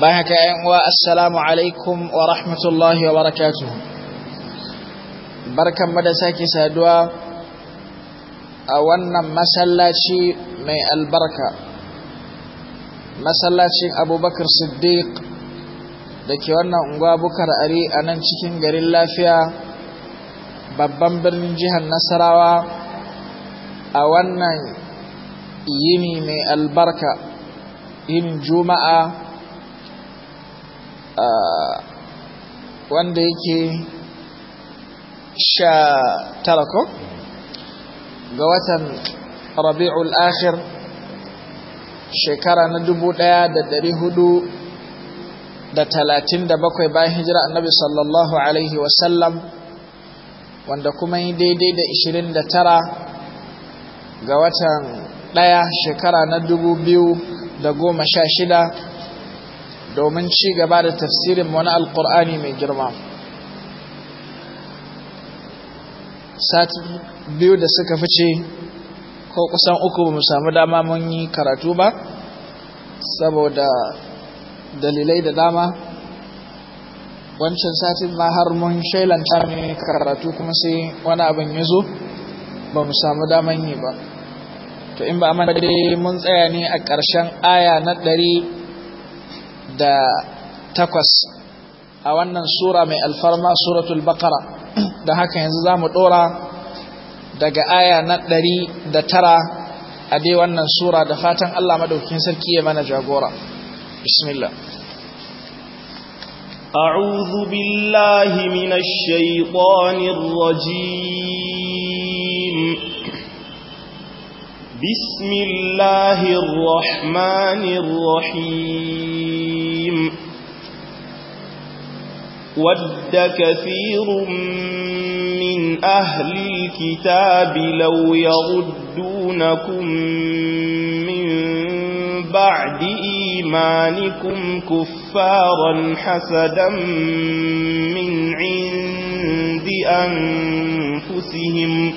bayan haka yan uwa assalamu alaikum wa rahmatullahi wa barakatu. barkan da sake saduwa a wannan masallaci mai albarka masallacin abubakar siddiq da ke wannan unguwa bukar ari a nan cikin garin lafiya babban birnin jihar nasarawa a wannan yini mai albarka yinin juma'a wanda yake sha tara ko ga watan rabi'ul akhir shekara na dubu ɗaya da dari hudu da talatin da bakwai bayan hijira annabi sallallahu alaihi wasallam wanda kuma yi daidai da ishirin da tara ga watan daya shekara na dubu biyu da goma sha shida domin ci gaba da tafsirin wani alkur'ani mai girma sati biyu da suka fice ko kusan uku ba mu samu dama mun yi karatu ba saboda dalilai da dama wancan satin ma har mun shailanta ne karatu kuma sai wani abin ya zo ba mu samu daman yi ba to in ba amma dai mun tsaya ne a ƙarshen aya na ɗari da takwas a wannan sura mai alfarma suratul baqara da haka yanzu za mu ɗora daga aya na ɗari da tara a dai wannan sura da fatan Allah maɗaukin sarki ya mana jagora bismillah أعوذ بالله من الشيطان الرجيم بسم الله الرحمن الرحيم ود كثير من أهل الكتاب لو يردونكم من بعد إيمانكم كفارا حسدا من عند أنفسهم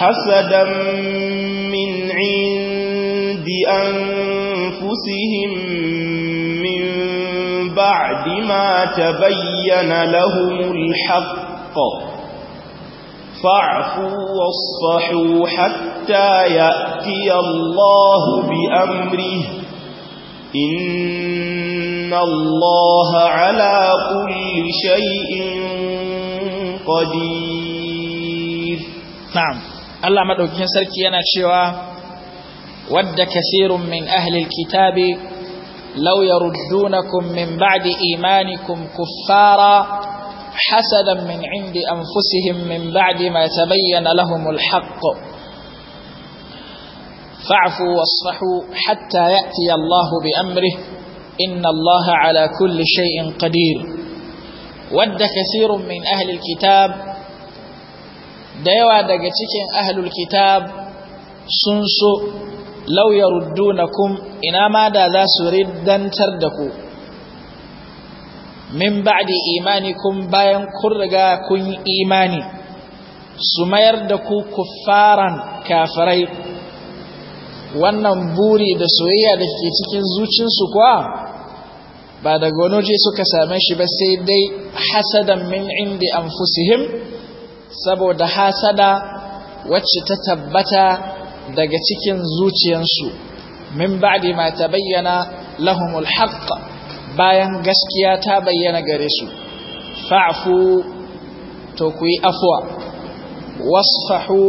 حسدا من عند أنفسهم بعد ما تبين لهم الحق فاعفوا واصفحوا حتى يأتي الله بأمره إن الله على كل شيء قدير نعم الله مدعوكين سركي أنا شواء ود كثير من أهل الكتاب لو يردونكم من بعد إيمانكم كفارا حسدا من عند أنفسهم من بعد ما تبين لهم الحق فاعفوا واصفحوا حتى يأتي الله بأمره إن الله على كل شيء قدير ود كثير من أهل الكتاب ديوا دقتك أهل الكتاب سنسو law yaruddunakum ina ma da za su riddantar da ku min ba'di imanikum bayan kun riga kun imani su mayar da ku kuffaran kafirai wannan buri da soyayya da ke cikin zuciyarsu kuwa ba daga wani suka same shi ba sai dai hasadan min indi anfusihim saboda hasada wacce ta tabbata daga cikin zuciyansu min ba'di ma tabayyana lahumul haqq bayan gaskiya ta bayyana gare su fa'fu to ku yi afwa wasfahu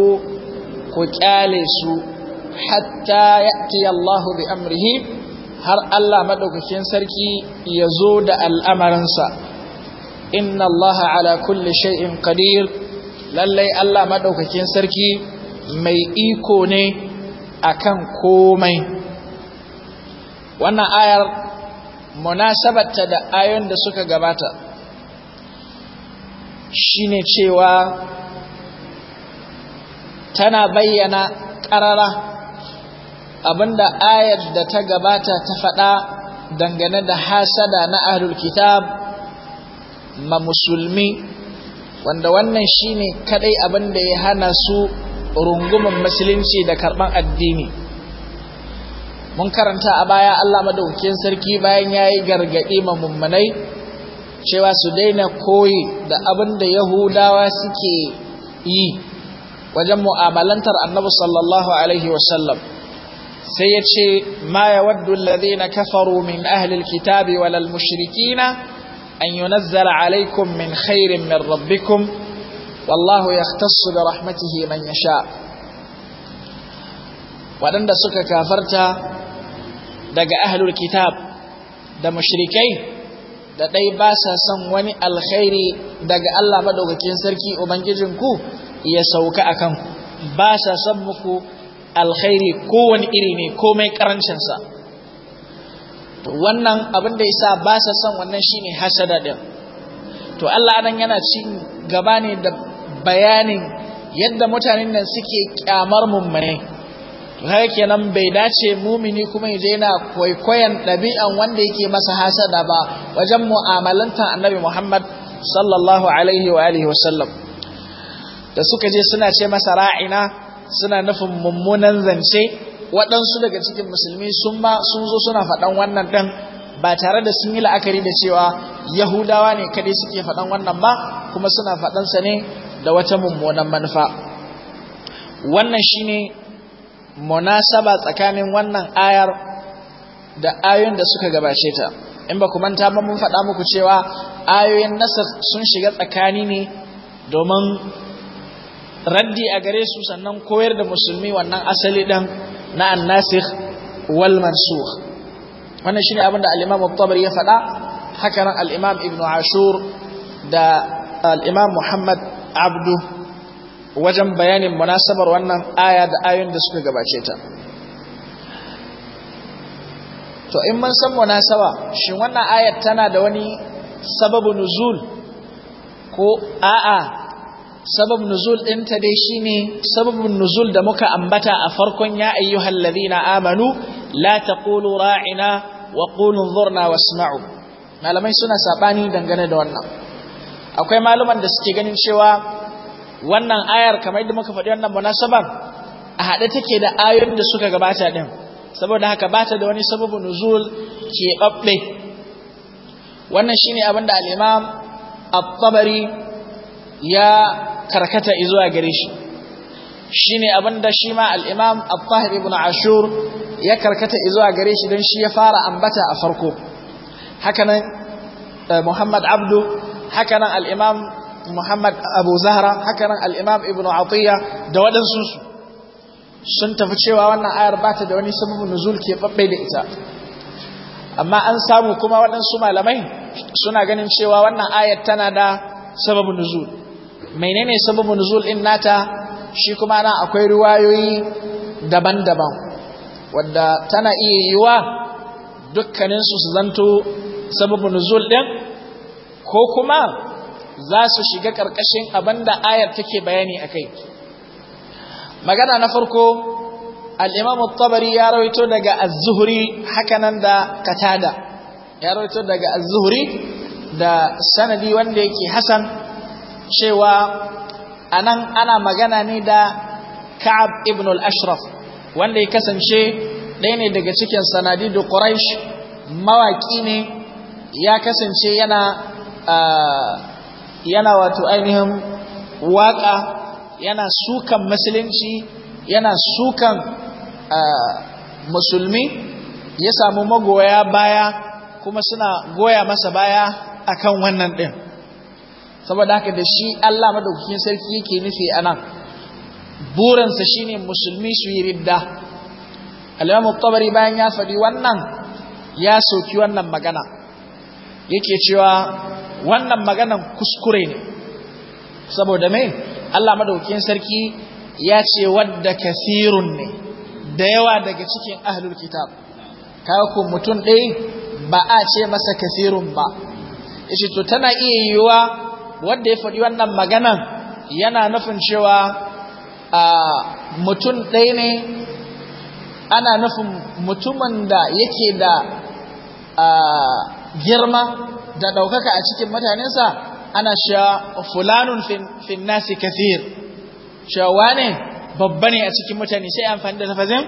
ku kyale su hatta ya'ti Allah bi amrihi har Allah madaukakin sarki ya zo da al'amarinsa inna Allah ala kulli shay'in qadir lallai Allah madaukakin sarki mai iko ne a kan komai wannan ayar munasabata da ayon da suka gabata shine cewa tana bayyana karara abinda ayar da ta gabata ta faɗa dangane da hasada na ahlul kitab ma musulmi wanda wannan shine kadai abinda ya hana su rungumin musulunci da karɓan addini mun karanta a baya Allah madaukakin sarki bayan ya yi gargaɗi ma cewa su daina koyi da abin da yahudawa suke yi wajen mu'amalantar annabi sallallahu alaihi wasallam sai ya ce ma ya alladhina kafaru min ahli alkitabi wal mushrikina an yunazzala alaikum min khairin min rabbikum wallahu yahtassu bi himan ya sha. waɗanda suka kafarta daga ahlul kitab da mushirikai. da ɗai ba sa son wani alkhairi daga Allah maɗaukakin sarki Ubangijinku ya sauka a kanku, ba sa son muku alkhairi kowane iri ne komai ƙarancinsa. Wannan abin da yasa ba sa son wannan shi ne hasada ɗin. To Allah nan yana cin gaba ne da bayanin yadda mutanen nan suke kyamar mummune to haka kenan bai dace mumini kuma ya je yana kwaikwayon ɗabi'an wanda yake masa hasada ba wajen mu'amalanta annabi Muhammad sallallahu alaihi wa alihi wasallam da suka je suna ce masa ra'ina suna nufin mummunan zance waɗansu daga cikin musulmi sun ma sun zo suna faɗan wannan ɗin ba tare da sun yi la'akari da cewa yahudawa ne kadai suke faɗan wannan ba kuma suna faɗansa ne da wata mummunan manufa wannan shine munasaba tsakanin wannan ayar da ayoyin da suka gabace ta in ba ku manta ba mun faɗa muku cewa ayoyin nasar sun shiga tsakani ne domin raddi a gare su sannan koyar da musulmi wannan asali ɗan na annasir wal mansur wannan shi ne abin da al'imam oktobar ya faɗa haka nan Ibn Ashur da al'imam Muhammad abdu wajen bayanin munasabar wannan aya da ayoyin da suka gabace ta to in mun san munasaba shin wannan ayat tana da wani sababu nuzul ko a'a sabab nuzul ɗinta dai shine sababu nuzul da muka ambata a farkon ya ayyuhal ladina amanu la taqulu ra'ina wa qulu dhurna wasma'u malamai suna sabani dangane da wannan akwai maluman da suke ganin cewa wannan ayar kamar yadda muka faɗi wannan munasabar a haɗe take da ayoyin da suka gabata ɗin saboda haka ba ta da wani sababu nuzul keɓaɓɓe wannan shine abin da al'imam at ya karkata zuwa gare shi shine abin da shi ma al'imam at ibn ashur ya karkata zuwa gare shi don shi ya fara ambata a farko hakanan eh, muhammad abdu haka nan al'imam Muhammad Abu Zahra haka nan al'imam Ibn Atiyya da waɗansu sun tafi cewa wannan ayar ba ta da wani sababin nuzul ke babbe da ita amma an samu kuma waɗansu malamai suna ganin cewa wannan ayar tana da sababin nuzul menene sababin nuzul in nata shi kuma na akwai riwayoyi daban-daban wadda tana iya yiwa dukkaninsu su zanto sababin nuzul ɗin ko kuma za su shiga ƙarƙashin abin da ayar take bayani a kai magana na farko al'imamu tabari ya rawaito daga az-zuhri hakanan da katada ya rawaito daga az-zuhri da sanadi wanda yake hasan cewa anan ana magana ne da ka'ab ibn al-ashraf wanda ya kasance ɗaya ne daga cikin sanadi da quraish mawaki ne ya kasance yana yana wato ainihin waƙa yana sukan musulunci yana sukan musulmi ya samu magoya baya kuma suna goya masa baya akan wannan ɗin saboda haka da shi Allah madaukakin sarki yake nufi anan. burinsa shine musulmi su yi ridda al muktabari bayan ya faɗi wannan ya soki wannan magana yake cewa wannan maganan kuskure ne saboda me Allah madaukakin sarki ya ce wadda kasirun ne da yawa daga cikin ahlul kitab kaga ko mutum ɗaya ba a ce masa kasirun ba yace to tana iya yiwuwa wanda ya faɗi wannan magana yana nufin cewa a mutum ɗaya ne ana nufin mutumin da yake da girma da ɗaukaka a cikin mutanensa ana sha fulanun fin nasi kathir shawa ne babba ne a cikin mutane sai amfani da tafazin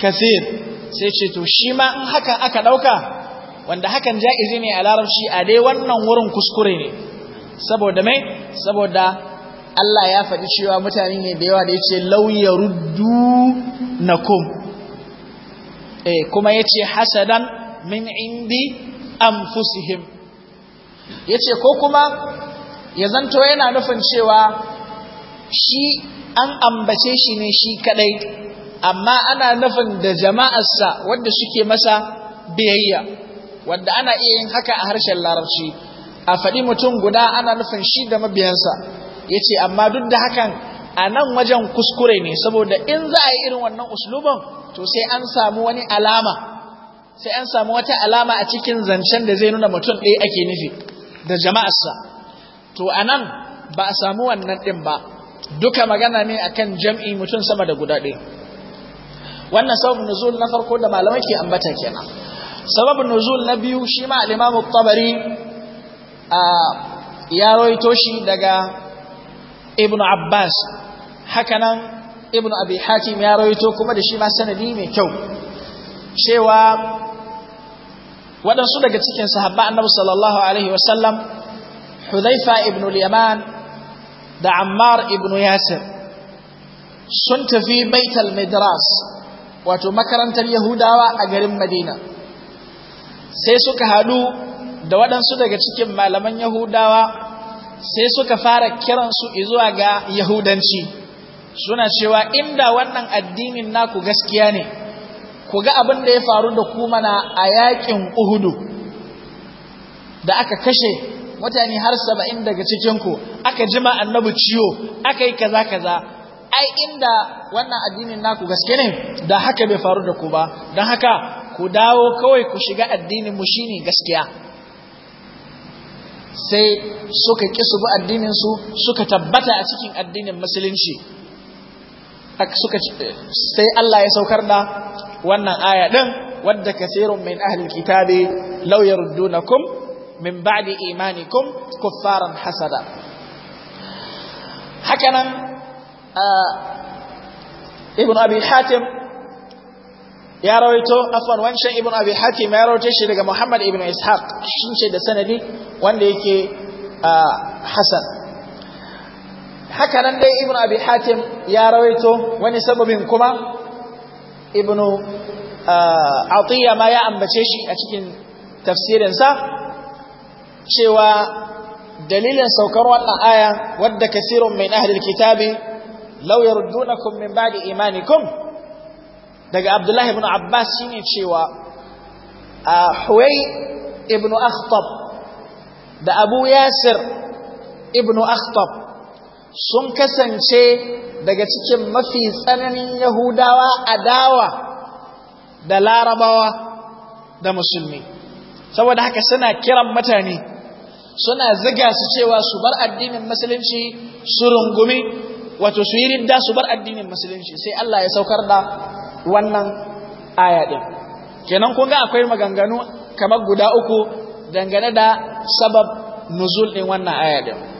kathir sai ce to shi ma in hakan aka ɗauka wanda hakan ja'izi ne a larabci a dai wannan wurin kuskure ne saboda mai saboda Allah ya faɗi cewa mutane ne da yawa da ya ce ruddu na kum eh, kuma ya ce hasadan min indi amfusihim ya ce ko kuma ya zanto yana nufin cewa shi an ambace shi ne shi kadai amma ana nufin da jama'arsa wadda suke masa biyayya wadda ana iya yin haka a harshen larabci a faɗi mutum guda ana nufin shi da mabiyansa ya ce amma duk da hakan a nan wajen kuskure ne saboda in za a yi irin wannan usluban to sai an samu wani alama sai an samu wata alama a cikin zancen da zai nuna mutum ɗaya ake nufi da jama'arsa to anan ba a samu wannan din ba duka magana ne akan jam'i mutum sama da guda ɗaya wannan sabab nuzul na farko da malamai ke ambata kenan sababin nuzul na biyu shi ma al-imam tabari a ya roito shi daga ibn abbas hakanan ibn abi hakim ya roito kuma da shi ma sanadi mai kyau cewa waɗansu daga cikin sahabba annabi sallallahu alaihi wasallam Hudhaifa ibn al-Yaman da Ammar ibn Yasir sun tafi Baitul Midras wato makarantar Yahudawa a garin Madina sai suka hadu da waɗansu daga cikin malaman Yahudawa sai suka fara kiransu zuwa ga Yahudanci suna cewa inda wannan addinin naku gaskiya ne ku ga abin da ya faru da ku mana a yakin uhudu da aka kashe mutane har saba'in daga cikin ku aka jima annabi ciwo aka yi kaza kaza ai inda wannan addinin naku gaske ne da haka bai faru da ku ba don haka ku dawo kawai ku shiga addinin mu shine gaskiya sai suka kisu su addinin addininsu suka tabbata a cikin addinin musulunci eh, sai Allah ya saukar da wannan aya din wadda kaseerun min ahli kitabi law yaruddunakum min ba'di imanikum kuffaran hasada hakanan ah, ibn abi hatim ya rawaito afwan wancan ibn abi hatim ya rawaito shi daga muhammad ibn ishaq shin da sanadi wanda yake ah, hasan hakanan dai ibn abi hatim ya rawaito wani sababin kuma ibnu ah, atiya ma ya ambace shi a cikin tafsirinsa cewa dalilin saukar wannan aya wadda kasirun min ahlil kitabi law yardunakum min ba'di imanikum daga abdullahi ibn abbas shine cewa ah, huwai Ibnu akhtab da abu yasir Ibnu akhtab sun kasance daga cikin mafi tsananin yahudawa adawa da larabawa da musulmi saboda haka suna kiran mutane suna ziga su cewa su bar addinin musulunci su rungumi wato su yi ridda su bar addinin musulunci sai Allah ya saukar da wannan aya din kenan kun ga akwai maganganu kamar guda uku dangane da sabab nuzul din wannan aya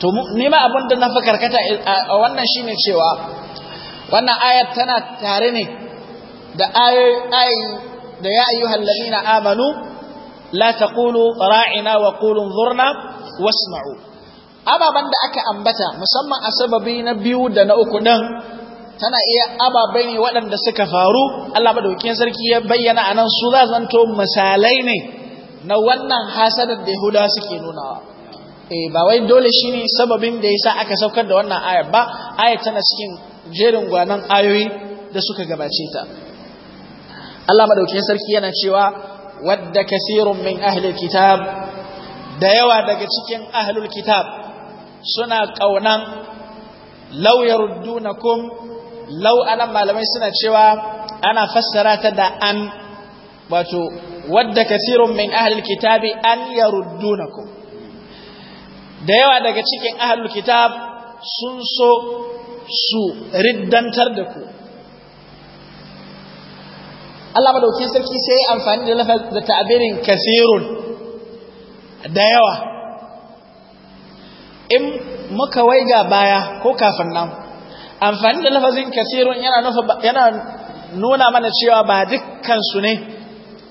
to nima abin da na fi karkata eh, a wannan shi ne cewa wannan ayat tana tare ne da ayoyi da ya ayyuhal na amanu la taqulu ra'ina wa qulu zurna wasma'u Ababen da aka ambata musamman a sababi na biyu da na uku din tana iya ababai ne waɗanda suka faru Allah madaukakin sarki ya bayyana anan su za zanto misalai ne na wannan hasadar da Yahudawa suke nunawa eh ba wai dole shine sababin da yasa aka saukar da wannan ayar ba ayar tana cikin jerin gwanan ayoyi da suka gabace ta Allah madaukakin sarki yana cewa wadda kasirun min ahlil kitab da yawa daga cikin ahlul kitab suna kaunan law yaruddunakum law anan malamai suna cewa ana fassara ta da an wato wadda kasirun min ahlil kitabi an yaruddunakum da yawa daga cikin ahalul kitab sun so su riddantar da ku Allah madaukin sarki sai ya amfani da lafaz da ta'birin kasirun da yawa in muka waiga baya ko kafin nan amfani da lafazin kasirun yana yana nuna mana cewa ba dukkan su ne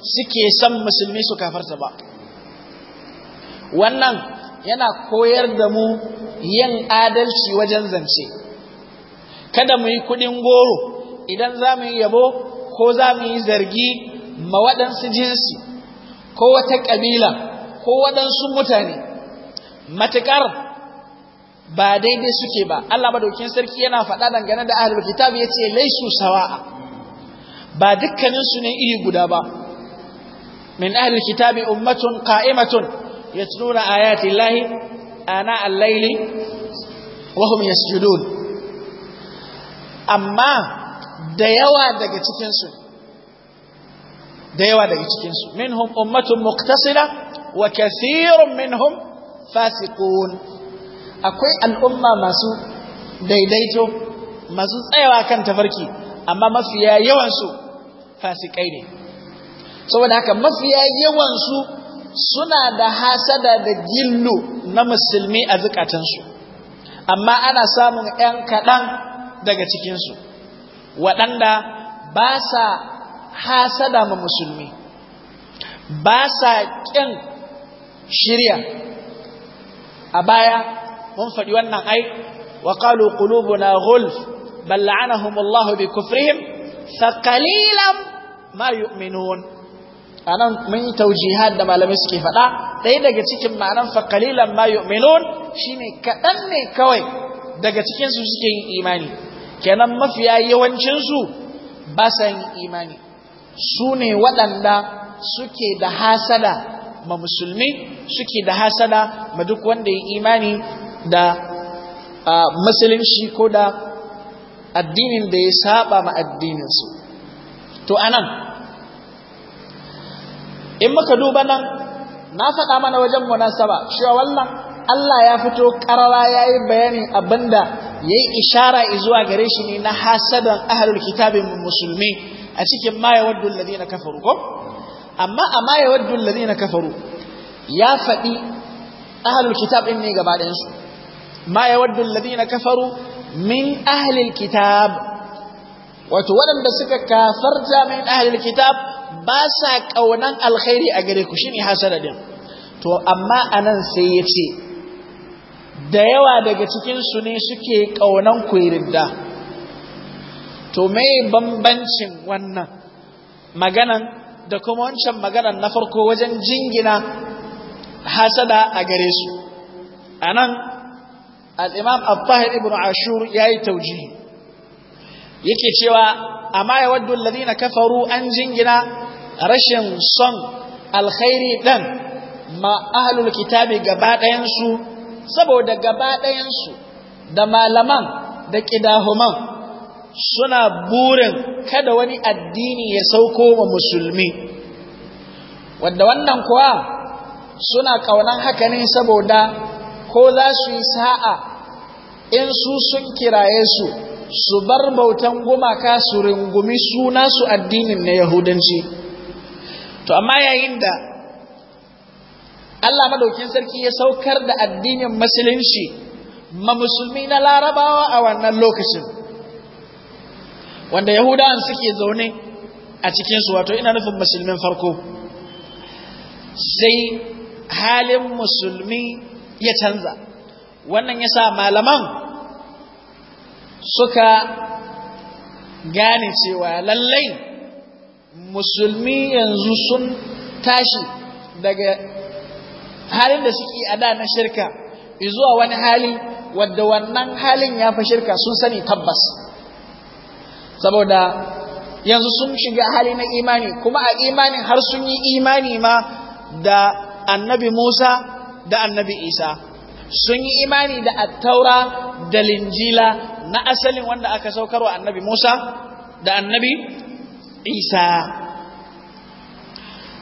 suke san musulmi su kafarta ba wannan yana koyar da mu yin adalci wajen zance kada mu yi kuɗin goro idan za mu yi yabo ko za mu yi zargi ma waɗansu jinsi ko wata ƙabila ko waɗansu mutane matuƙar ba daidai suke ba Allah ba, dokin sarki yana faɗa dangane da ahlul ya yace laisu sawa'a ba dukkaninsu ne iri guda ba min ahlul kitabi ummatun qa'imatun yatluna ayati llahi ana al-layli wa hum yasjudun amma da yawa daga cikin su da yawa daga cikin su minhum ummatun muqtasida wa kathirun minhum fasiqun akwai al'umma masu daidaito masu tsayawa kan tafarki amma mafiya yawansu fasikai ne saboda haka mafiya yawansu. suna da hasada da gillu na musulmi a zukatansu amma ana samun ‘yan kaɗan daga cikinsu waɗanda ba sa hasada ma musulmi ba sa ƙin shirya a baya mun faɗi wannan ai wa ƙalu ƙulubuna gulf balla'anahumullahu bi kufrihim thaqalilan ma yu'minun anan mun yi taujihat da malamai suke faɗa ɗaya daga cikin ma'anan fa qalilan ma yu'minun shine kaɗan ne kawai daga cikin su suke yin imani kenan mafiya yawancin su ba sa yin imani su ne waɗanda suke da hasada ma musulmi suke da hasada ma duk wanda ya imani da musulunci ko da addinin da ya saba ma addininsu to anan in muka duba nan na faɗa mana wajen munasaba cewa wannan Allah ya fito karara ya yi bayanin abinda ya yi ishara zuwa gare shi ne na hasadan ahalul kitabin musulmi a cikin ma ya waddu na kafaru ko amma a ma ya waddu na kafaru ya faɗi ahalul kitab ɗin ne gaba ɗayansu ma ya waddu na kafaru min ahalil kitab wato waɗanda suka kafar min ahlul kitab ba sa kaunan alkhairi a gare ku shine hasada din to amma anan sai yace da yawa daga cikin su ne suke kaunan ku ridda to me bambancin wannan maganan da kuma wancan maganan na farko wajen jingina hasada a gare su anan al-imam al ibn ashur yayi taujihi yake cewa amma ya waddu alladhina kafaru an jingina rashin son alkhairi dan ma ahlul kitabi gaba ɗayan su saboda gaba su da malaman da kidahuman suna burin kada wani addini ya sauko wa musulmi wanda wannan kuwa suna kaunan haka ne saboda ko za su yi sa'a in su sun kiraye su su bar bautan gumaka su rungumi suna su addinin na yahudanci to amma yayin da Allah madaukin sarki ya saukar da addinin musulunci ma musulmi na larabawa a wannan lokacin wanda yahudawan suke zaune a cikinsu wato ina nufin musulmin farko sai halin musulmi ya canza wannan ya sa malaman suka gane cewa lallai musulmi yanzu sun tashi daga halin da suke a da na shirka zuwa wani hali wadda wannan halin ya fi shirka sun sani tabbas saboda yanzu sun shiga hali na imani kuma a imani har sun yi imani ma da annabi musa da annabi isa sun yi imani da attaura da linjila na asalin wanda aka saukar wa annabi Musa da annabi Isa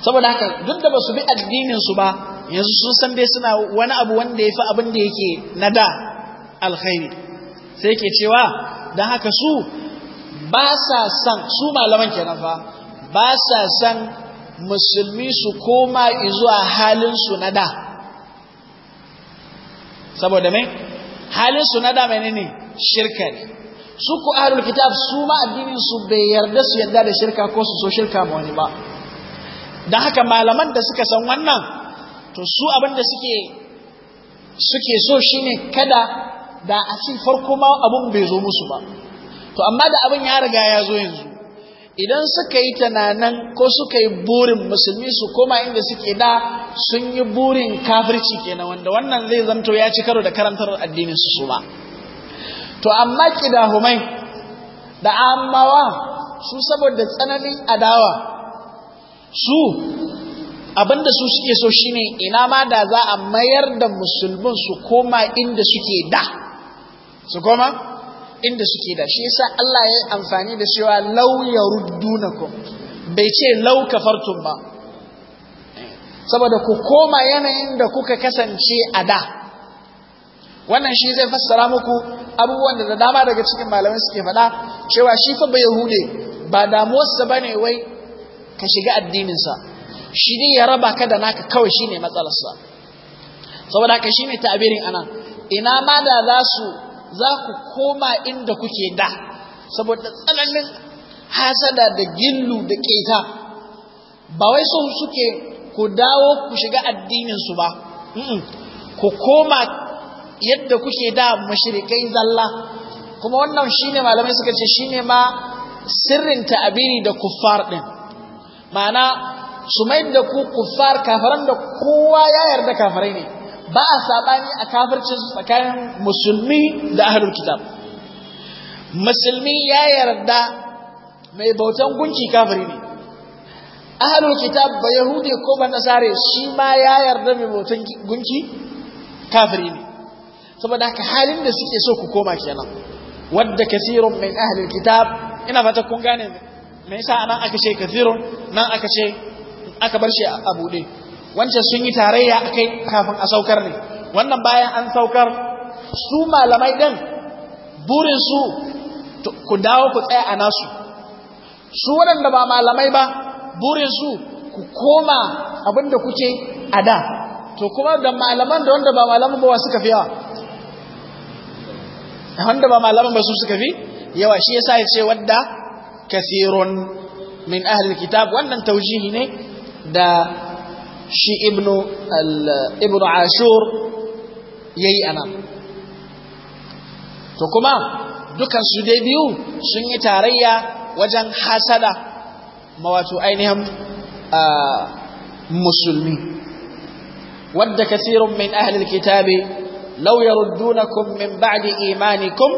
saboda haka duk da ba su bi addinin su ba yanzu sun san dai suna wani abu wanda ya fi abin da yake na da alkhairi sai ke cewa don haka su ba sa san su malaman kenan fa ba sa san musulmi su koma zuwa halin su na da saboda mai halin su na da ne shirka ne su ku ahlul kitab su ma addinin su bai yarda su yarda da shirka ko su so shirka ma wani ba dan haka malaman da suka san wannan to su abin da suke suke so shine kada da a ci farko ma abun bai zo musu ba to amma da abin ya riga ya zo yanzu idan suka yi tananan ko suka yi burin musulmi su koma inda suke da sun yi burin kafirci kenan wanda wannan zai zanto ya ci karo da karantar addinin su su ba to amma kidahumai da ammawa su saboda tsananin adawa su abinda su suke so shine ina ma da za a mayar da musulmin su koma inda suke da su koma inda suke da shi yasa Allah ya yi amfani da cewa law yaruddunakum bai ce law kafartum ba saboda ku koma yanayin da kuka kasance a da wannan shi zai fassara muku abubuwan da dama daga cikin malamai suke faɗa cewa shi fa ba yahude ba damuwarsa ba ne wai ka shiga addininsa shi ne ya raba ka da naka kawai shine matsalarsa saboda ka shi ne ta'abirin anan ina ma da za su za ku koma inda kuke da saboda tsananin hasada da gillu da ƙeta, ba wai so suke ku dawo ku shiga addinin su ba ku koma yadda kuke da mashirikai zalla kuma wannan shine malamai suka ce shine ma sirrin ta'abiri da kuffar din ma'ana su mai da ku kuffar kafaran da kowa ya yarda kafarai ne ba a sabani a kafircin tsakanin musulmi da ahlul kitab musulmi ya yarda mai bautan gunki kafiri ne ahlul kitab ba yahudi ko ba nasare shi ma ya yarda mai bautan gunki kafiri ne saboda haka halin da suke so ku koma kenan wadda kasirun min ahlul kitab ina fata kun gane me yasa nan aka ce kasirun nan aka ce aka bar shi a bude wancan sun yi tarayya akai kafin a saukar ne wannan bayan an saukar su malamai din burin su ku dawo ku tsaya a nasu su waɗanda ba malamai ba burin su ku koma abinda kuke a da to kuma da malaman da wanda ba malaman ba suka fi yawa wanda ba malaman ba su suka fi yawa shi yasa ya ce wadda kasirun min ahlul kitab wannan taujihi ne da shi ibnu ibnu ashur yayi anan to kuma dukan su dai biyu sun yi tarayya wajen hasada mawato ainihin musulmi wadda kasirun min ahlil kitabi lauyar dunakun min ba'di imanikum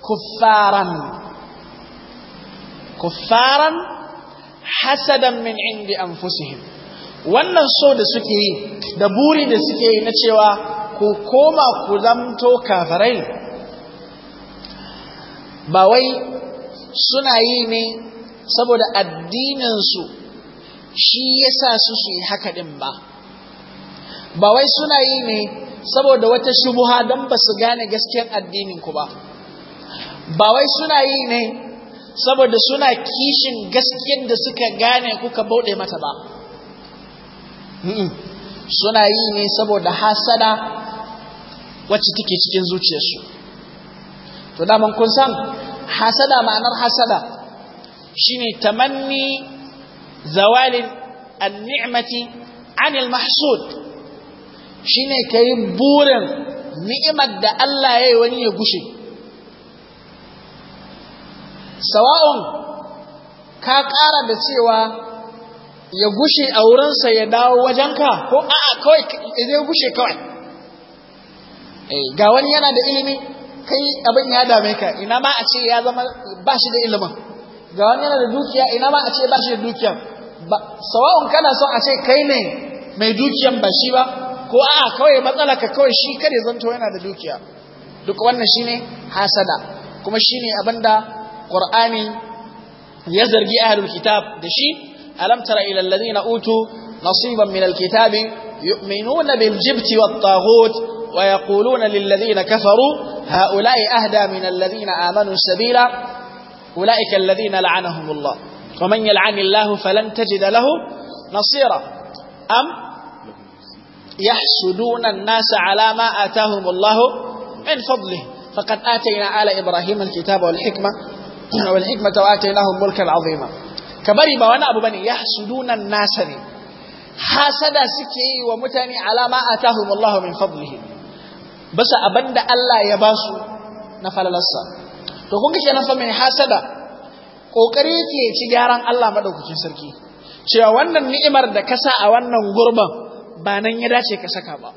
kuffaran kuffaran hasadan min indi anfusihim wannan so da suke yi da buri da suke yi na cewa ku koma ku zamto kafirai ba wai suna yi ne saboda addininsu shi ya sa su su yi haka ɗin ba ba wai suna yi ne saboda wata shubuha don ba su gane gaskiyar addininku ba ba wai suna yi ne saboda suna kishin gaskiyar da suka gane kuka bauɗe mata ba suna yi ne saboda hasada wacce take cikin zuciyarsu to daman kun san hasada ma'anar hasada shine tamanni zawalin an-ni'mati anil mahsud shine kai burin ni'imar da Allah ya yi wani ya gushe sawa'un ka ƙara da cewa ya gushe a wurinsa ya dawo wajenka ko a'a kawai zai gushe kawai eh, ga wani yana da ilimi kai abin ya dame ka ina ma a ce ya zama ba shi da ilimin ga wani yana da dukiya ina ma a ce ba shi da dukiya sawa'un kana son a ce kai ne mai dukiyan ba shi ba ko a'a kawai matsala ka kawai shi kare zanto yana da dukiya duk wannan shine hasada kuma shine abinda qur'ani ya zargi ahlul kitab da shi ألم تر إلى الذين أوتوا نصيبا من الكتاب يؤمنون بالجبت والطاغوت ويقولون للذين كفروا هؤلاء أهدى من الذين آمنوا سبيلا أولئك الذين لعنهم الله ومن يلعن الله فلن تجد له نصيرا أم يحسدون الناس على ما آتاهم الله من فضله فقد آتينا آل إبراهيم الكتاب والحكمة والحكمة وآتيناهم ملكا عظيما ka bari ba wani abu bane ya yahsudunan nasa ne hasada suke yi wa mutane alama atahum Allah min fadlihi basa abanda Allah ya basu na falalarsa to kun ga kenan fa mai hasada kokari yake ci gyaran Allah madaukakin sarki cewa wannan ni'imar da ka sa a wannan gurban ba nan ya dace ka saka ba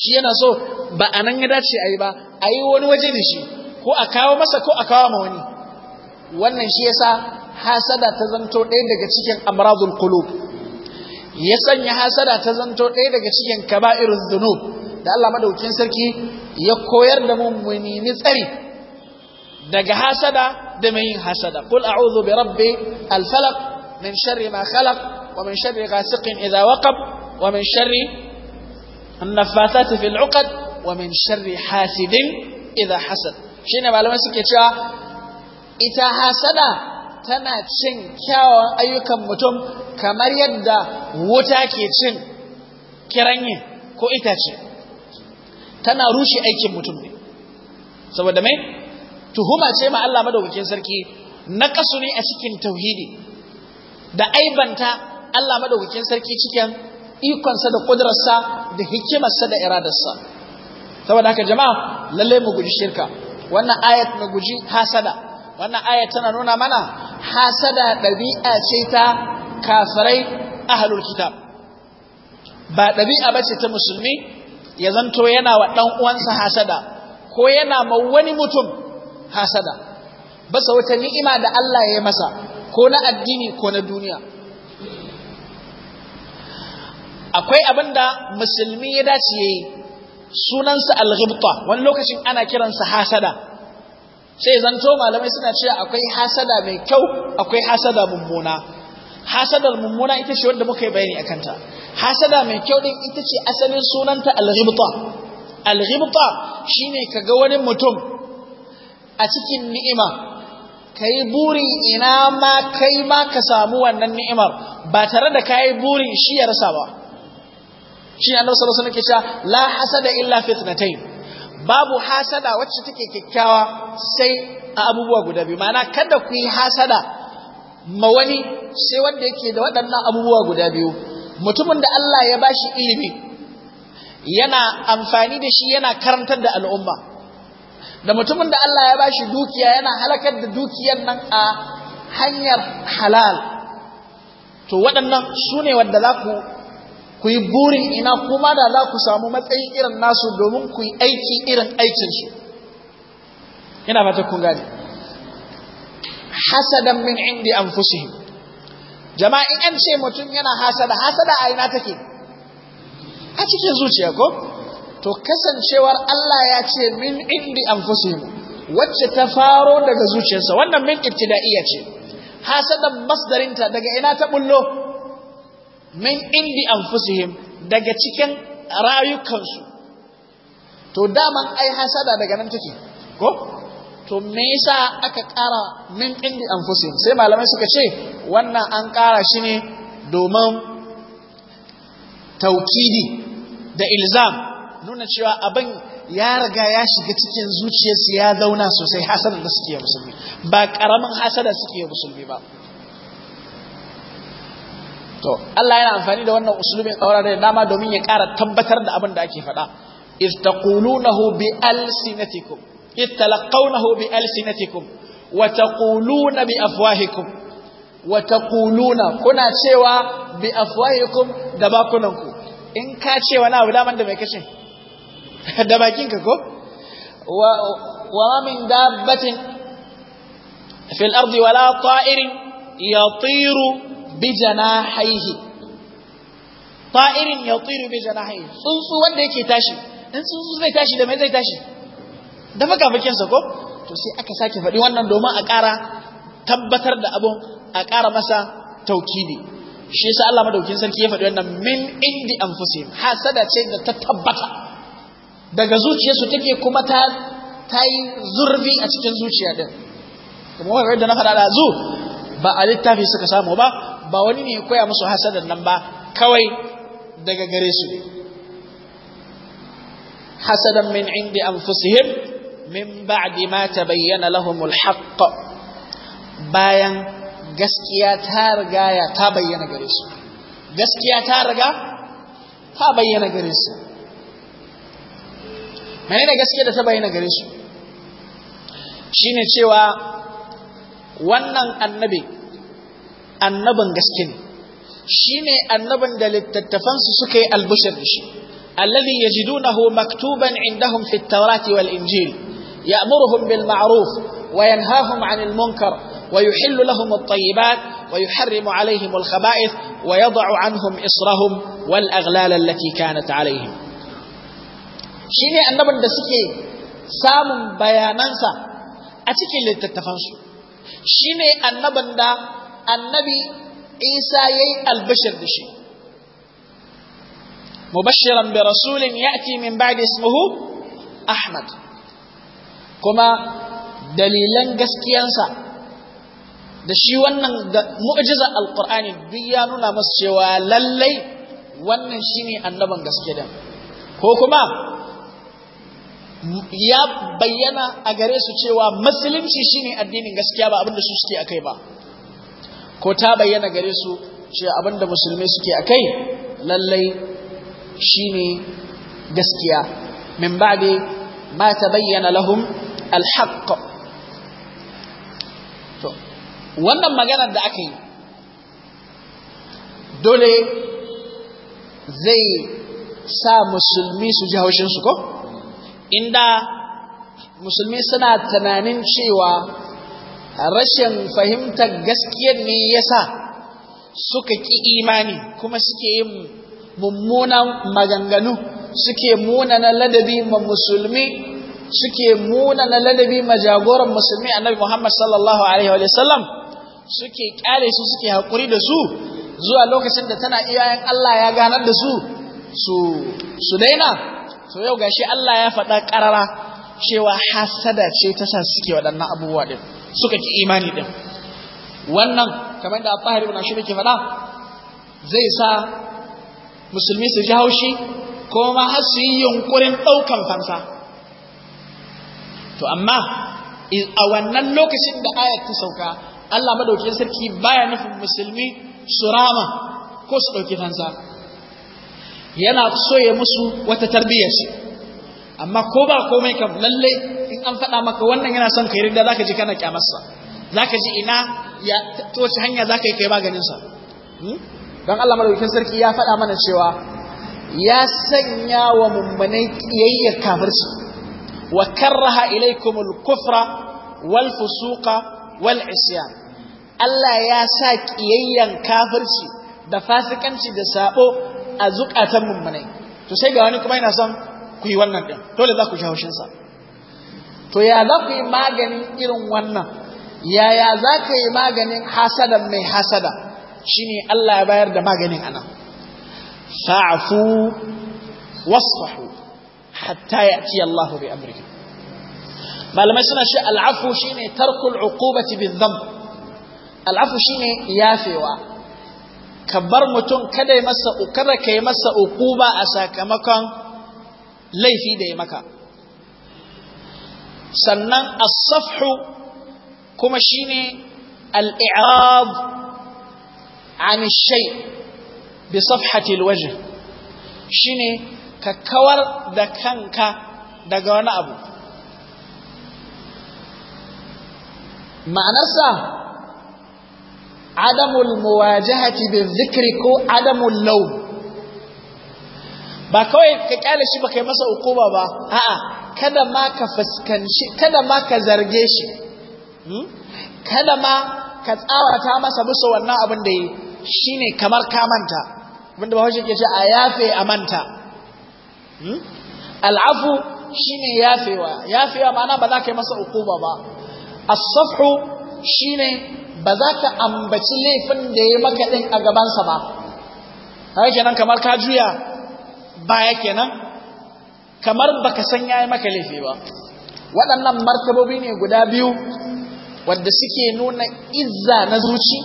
shi yana so ba a nan ya dace a yi ba a yi wani waje da shi ko a kawo masa ko a kawo ma wani wannan shi yasa hasada ta zanto ɗaya daga cikin amradul qulub ya sanya hasada ta zanto ɗaya daga cikin kaba'irul dhunub da Allah madaukin sarki ya koyar da mu mu nemi tsari daga hasada da mai yin hasada qul a'udhu bi rabbi al-falaq min sharri ma khalaq wa min sharri ghasiqin idha waqab wa min sharri an-naffathati fil 'uqad wa min sharri hasidin idha hasad shine malamai suke cewa ita hasada tana cin kyawawan ayyukan mutum kamar yadda wuta ke cin kiranye ko itace tana rushe aikin mutum ne saboda mai tuhuma ce ma Allah madaukakin sarki na kasu ne a cikin tauhidi da aibanta Allah madaukakin sarki cikin ikonsa da kudrarsa da hikimarsa da iradarsa saboda haka jama'a lalle mu guji shirka wannan ayat mu guji hasada wannan aya tana nuna mana hasada ɗabi'a ce ta kafirai ahlul kitab ba ɗabi'a bace ta musulmi ya zanto yana wa ɗan uwansa hasada ko yana ma wani mutum hasada basa wata ni'ima da Allah ya yi masa ko na addini ko na duniya akwai abinda musulmi ya dace ya yi sunansa alghibta wani lokacin ana kiransa hasada sai zanto malamai suna cewa akwai hasada mai kyau akwai hasada mummuna hasadar mummuna ita ce wanda muka yi bayani akan ta hasada mai kyau din ita ce asalin sunanta al-ghibta al-ghibta shine kaga wani mutum a cikin ni'ima kai burin ina ma kai ma ka samu wannan ni'imar ba tare da kai burin shi ya rasa ba shi annabi sallallahu alaihi wasallam ke cewa la hasada illa fitnatain babu hasada wacce take kyakkyawa sai a abubuwa guda biyu ma'ana kada ku yi hasada ma wani sai wanda yake da waɗannan abubuwa guda biyu mutumin da Allah ya bashi ilimi yana amfani da shi yana karantar da al'umma da mutumin da Allah ya bashi dukiya yana halakar da dukiyar nan a hanyar halal to waɗannan su ne wanda za ku ku yi burin ina kuma da za ku samu matsayi irin nasu domin ku yi aiki irin aikinsu ina fata kun gane hasadan min indi anfusihim jama'a in an ce mutum yana hasada hasada a ina take a cikin zuciya ko to kasancewar Allah ya ce min indi anfusihim wacce ta faro daga zuciyarsa wannan min ibtida'iyya ce hasadan masdarinta daga ina ta bullo min indi anfusihim daga cikin rayukansu to daman ai hasada daga nan take ko to me yasa aka ƙara min indi anfusihim sai malamai suka ce wannan an ƙara shi ne domin taukidi da ilzam nuna cewa abin ya riga ya shiga cikin zuciyarsu ya zauna sosai hasada da suke musulmi ba ƙaramin hasada suke musulmi ba to Allah yana amfani da wannan usulubin tsawara da dama domin ya ƙara tabbatar da abin da ake faɗa istaqulunahu bi alsinatikum ittalaqawnahu bi alsinatikum wa taquluna bi afwahikum wa taquluna kuna cewa bi afwahikum da bakunanku in ka ce wani abu daman da mai kashe. da bakinka ko wa wa min dabbatin fil ardi wala ta'irin yatiru bijana haihi ta'irin ya tsiru bijana haihi tsuntsu wanda yake tashi in tsuntsu zai tashi da mai zai tashi da makafakinsa ko to sai aka sake faɗi wannan domin a ƙara tabbatar da abun a ƙara masa taukidi shi yasa Allah madaukin sarki ya faɗi wannan min indi anfusihim hasada ce da ta tabbata daga zuciyarsu take kuma ta ta yi zurfi a cikin zuciya din kuma wanda na faɗa da zu ba a littafi suka samu ba ba wani ne koya musu hasadan nan ba kawai daga gare su ne hasadan min indi anfusihim min ba'di ma tabayyana lahumul haqq bayan gaskiya ta riga ya ta bayyana gare su gaskiya ta riga ta bayyana gare su menene gaskiya da ta bayyana gare su shine cewa wannan annabi annaban gaske ne shi ne annabin da littattafansu suka yi albushar da shi alladhi yajidunahu maktuban indahum fi at-taurati wal injil ya'muruhum bil ma'ruf wa yanhahum 'anil munkar wa yuhillu lahum at-tayyibat wa yuharrimu 'alayhim al-khaba'ith wa yad'u 'anhum israhum wal aghlal allati kanat 'alayhim shine annaban da suke samun bayanansa a cikin littattafansu shi ne annaban da annabi isa ya yi albashir da shi mubashiran bi rasulin ake min ba'di ismuhu ahmad kuma dalilan gaskiyansa da shi wannan mu'jizar alqur'ani duk ya nuna masu cewa lallai wannan shine annaban gaskiya ko kuma ya bayyana a gare su cewa musulunci shine addinin gaskiya ba abinda su suke akai ba ko ta bayyana gare su ce abinda musulmai suke akai lallai shine gaskiya min ba'di ma bayyana lahum alhaq to wannan maganar da aka yi dole zai sa musulmi su ji haushin su ko? inda musulmi suna tunanin cewa rashin fahimtar gaskiyar ne yasa suka ki imani kuma suke yin mummunan maganganu suke munana ladabi ma musulmi suke munana ladabi ma jagoran musulmi annabi Muhammad sallallahu alaihi wa sallam suke kyale su suke hakuri da su zuwa lokacin da tana iyayen Allah ya ganar da su su su daina to yau gashi Allah ya faɗa ƙarara cewa hasada ce ta sa suke waɗannan abubuwa ɗin suka ki imani ɗin wannan kamar da Abubakar ibn Ashur ke faɗa zai sa musulmi su ji haushi ko ma har su yi yunkurin ɗaukan fansa to amma a wannan lokacin da ayat ta sauka Allah madaukakin sarki baya nufin musulmi su rama ko su ɗauki fansa yana so ya musu wata tarbiyya ce amma ko ba komai kam lalle in an faɗa maka wannan yana son kai ridda zaka ji kana kyamarsa zaka ji ina ya to hanya zaka yi kai maganin sa hmm? dan Allah madaukakin sarki ya faɗa mana cewa ya sanya wa mummanai kiyayya kafirci wa karraha ilaikumul kufra wal fusuqa wal isyan Allah ya sa kiyayyan kafirci da fasikanci da sabo a zukatan mummunai to sai ga wani kuma yana son ku yi wannan din dole za ku ji haushinsa to ya za ku yi maganin irin wannan yaya za ka yi maganin hasada mai hasada shine Allah ya bayar da maganin anan fa'fu wasfahu hatta ya'ti Allahu bi amrihi malamai suna shi al'afu shine tarkul uqubati bi dhanb al'afu shine yafewa ka bar mutum kada ya masa kada kai masa ukuba a sakamakon laifi da ya maka sannan as-safhu kuma shine al-i'rab an shay bi safhati al-wajh shine ka kawar da kanka daga wani abu ma'anarsa adamul muwajahati bi zikri ko adamul law ba kawai ka kyale shi ba kai masa hukuma ba a'a kada ma ka fuskanci kada ma ka zarge shi hmm? kada ma ka tsawata masa bisa wannan abin da yi shine kamar ka manta abinda ba ke ce a yafe a manta hmm? al'afu shine yafewa yafewa ma'ana ba za ka yi masa hukuma ba as-safhu shine ba za ka ambaci laifin da ya maka ɗin a gabansa ba haka kenan kamar ka juya baya kenan kamar baka san ya yi maka laifi ba waɗannan martabobi ne guda biyu wadda suke nuna izza na zuci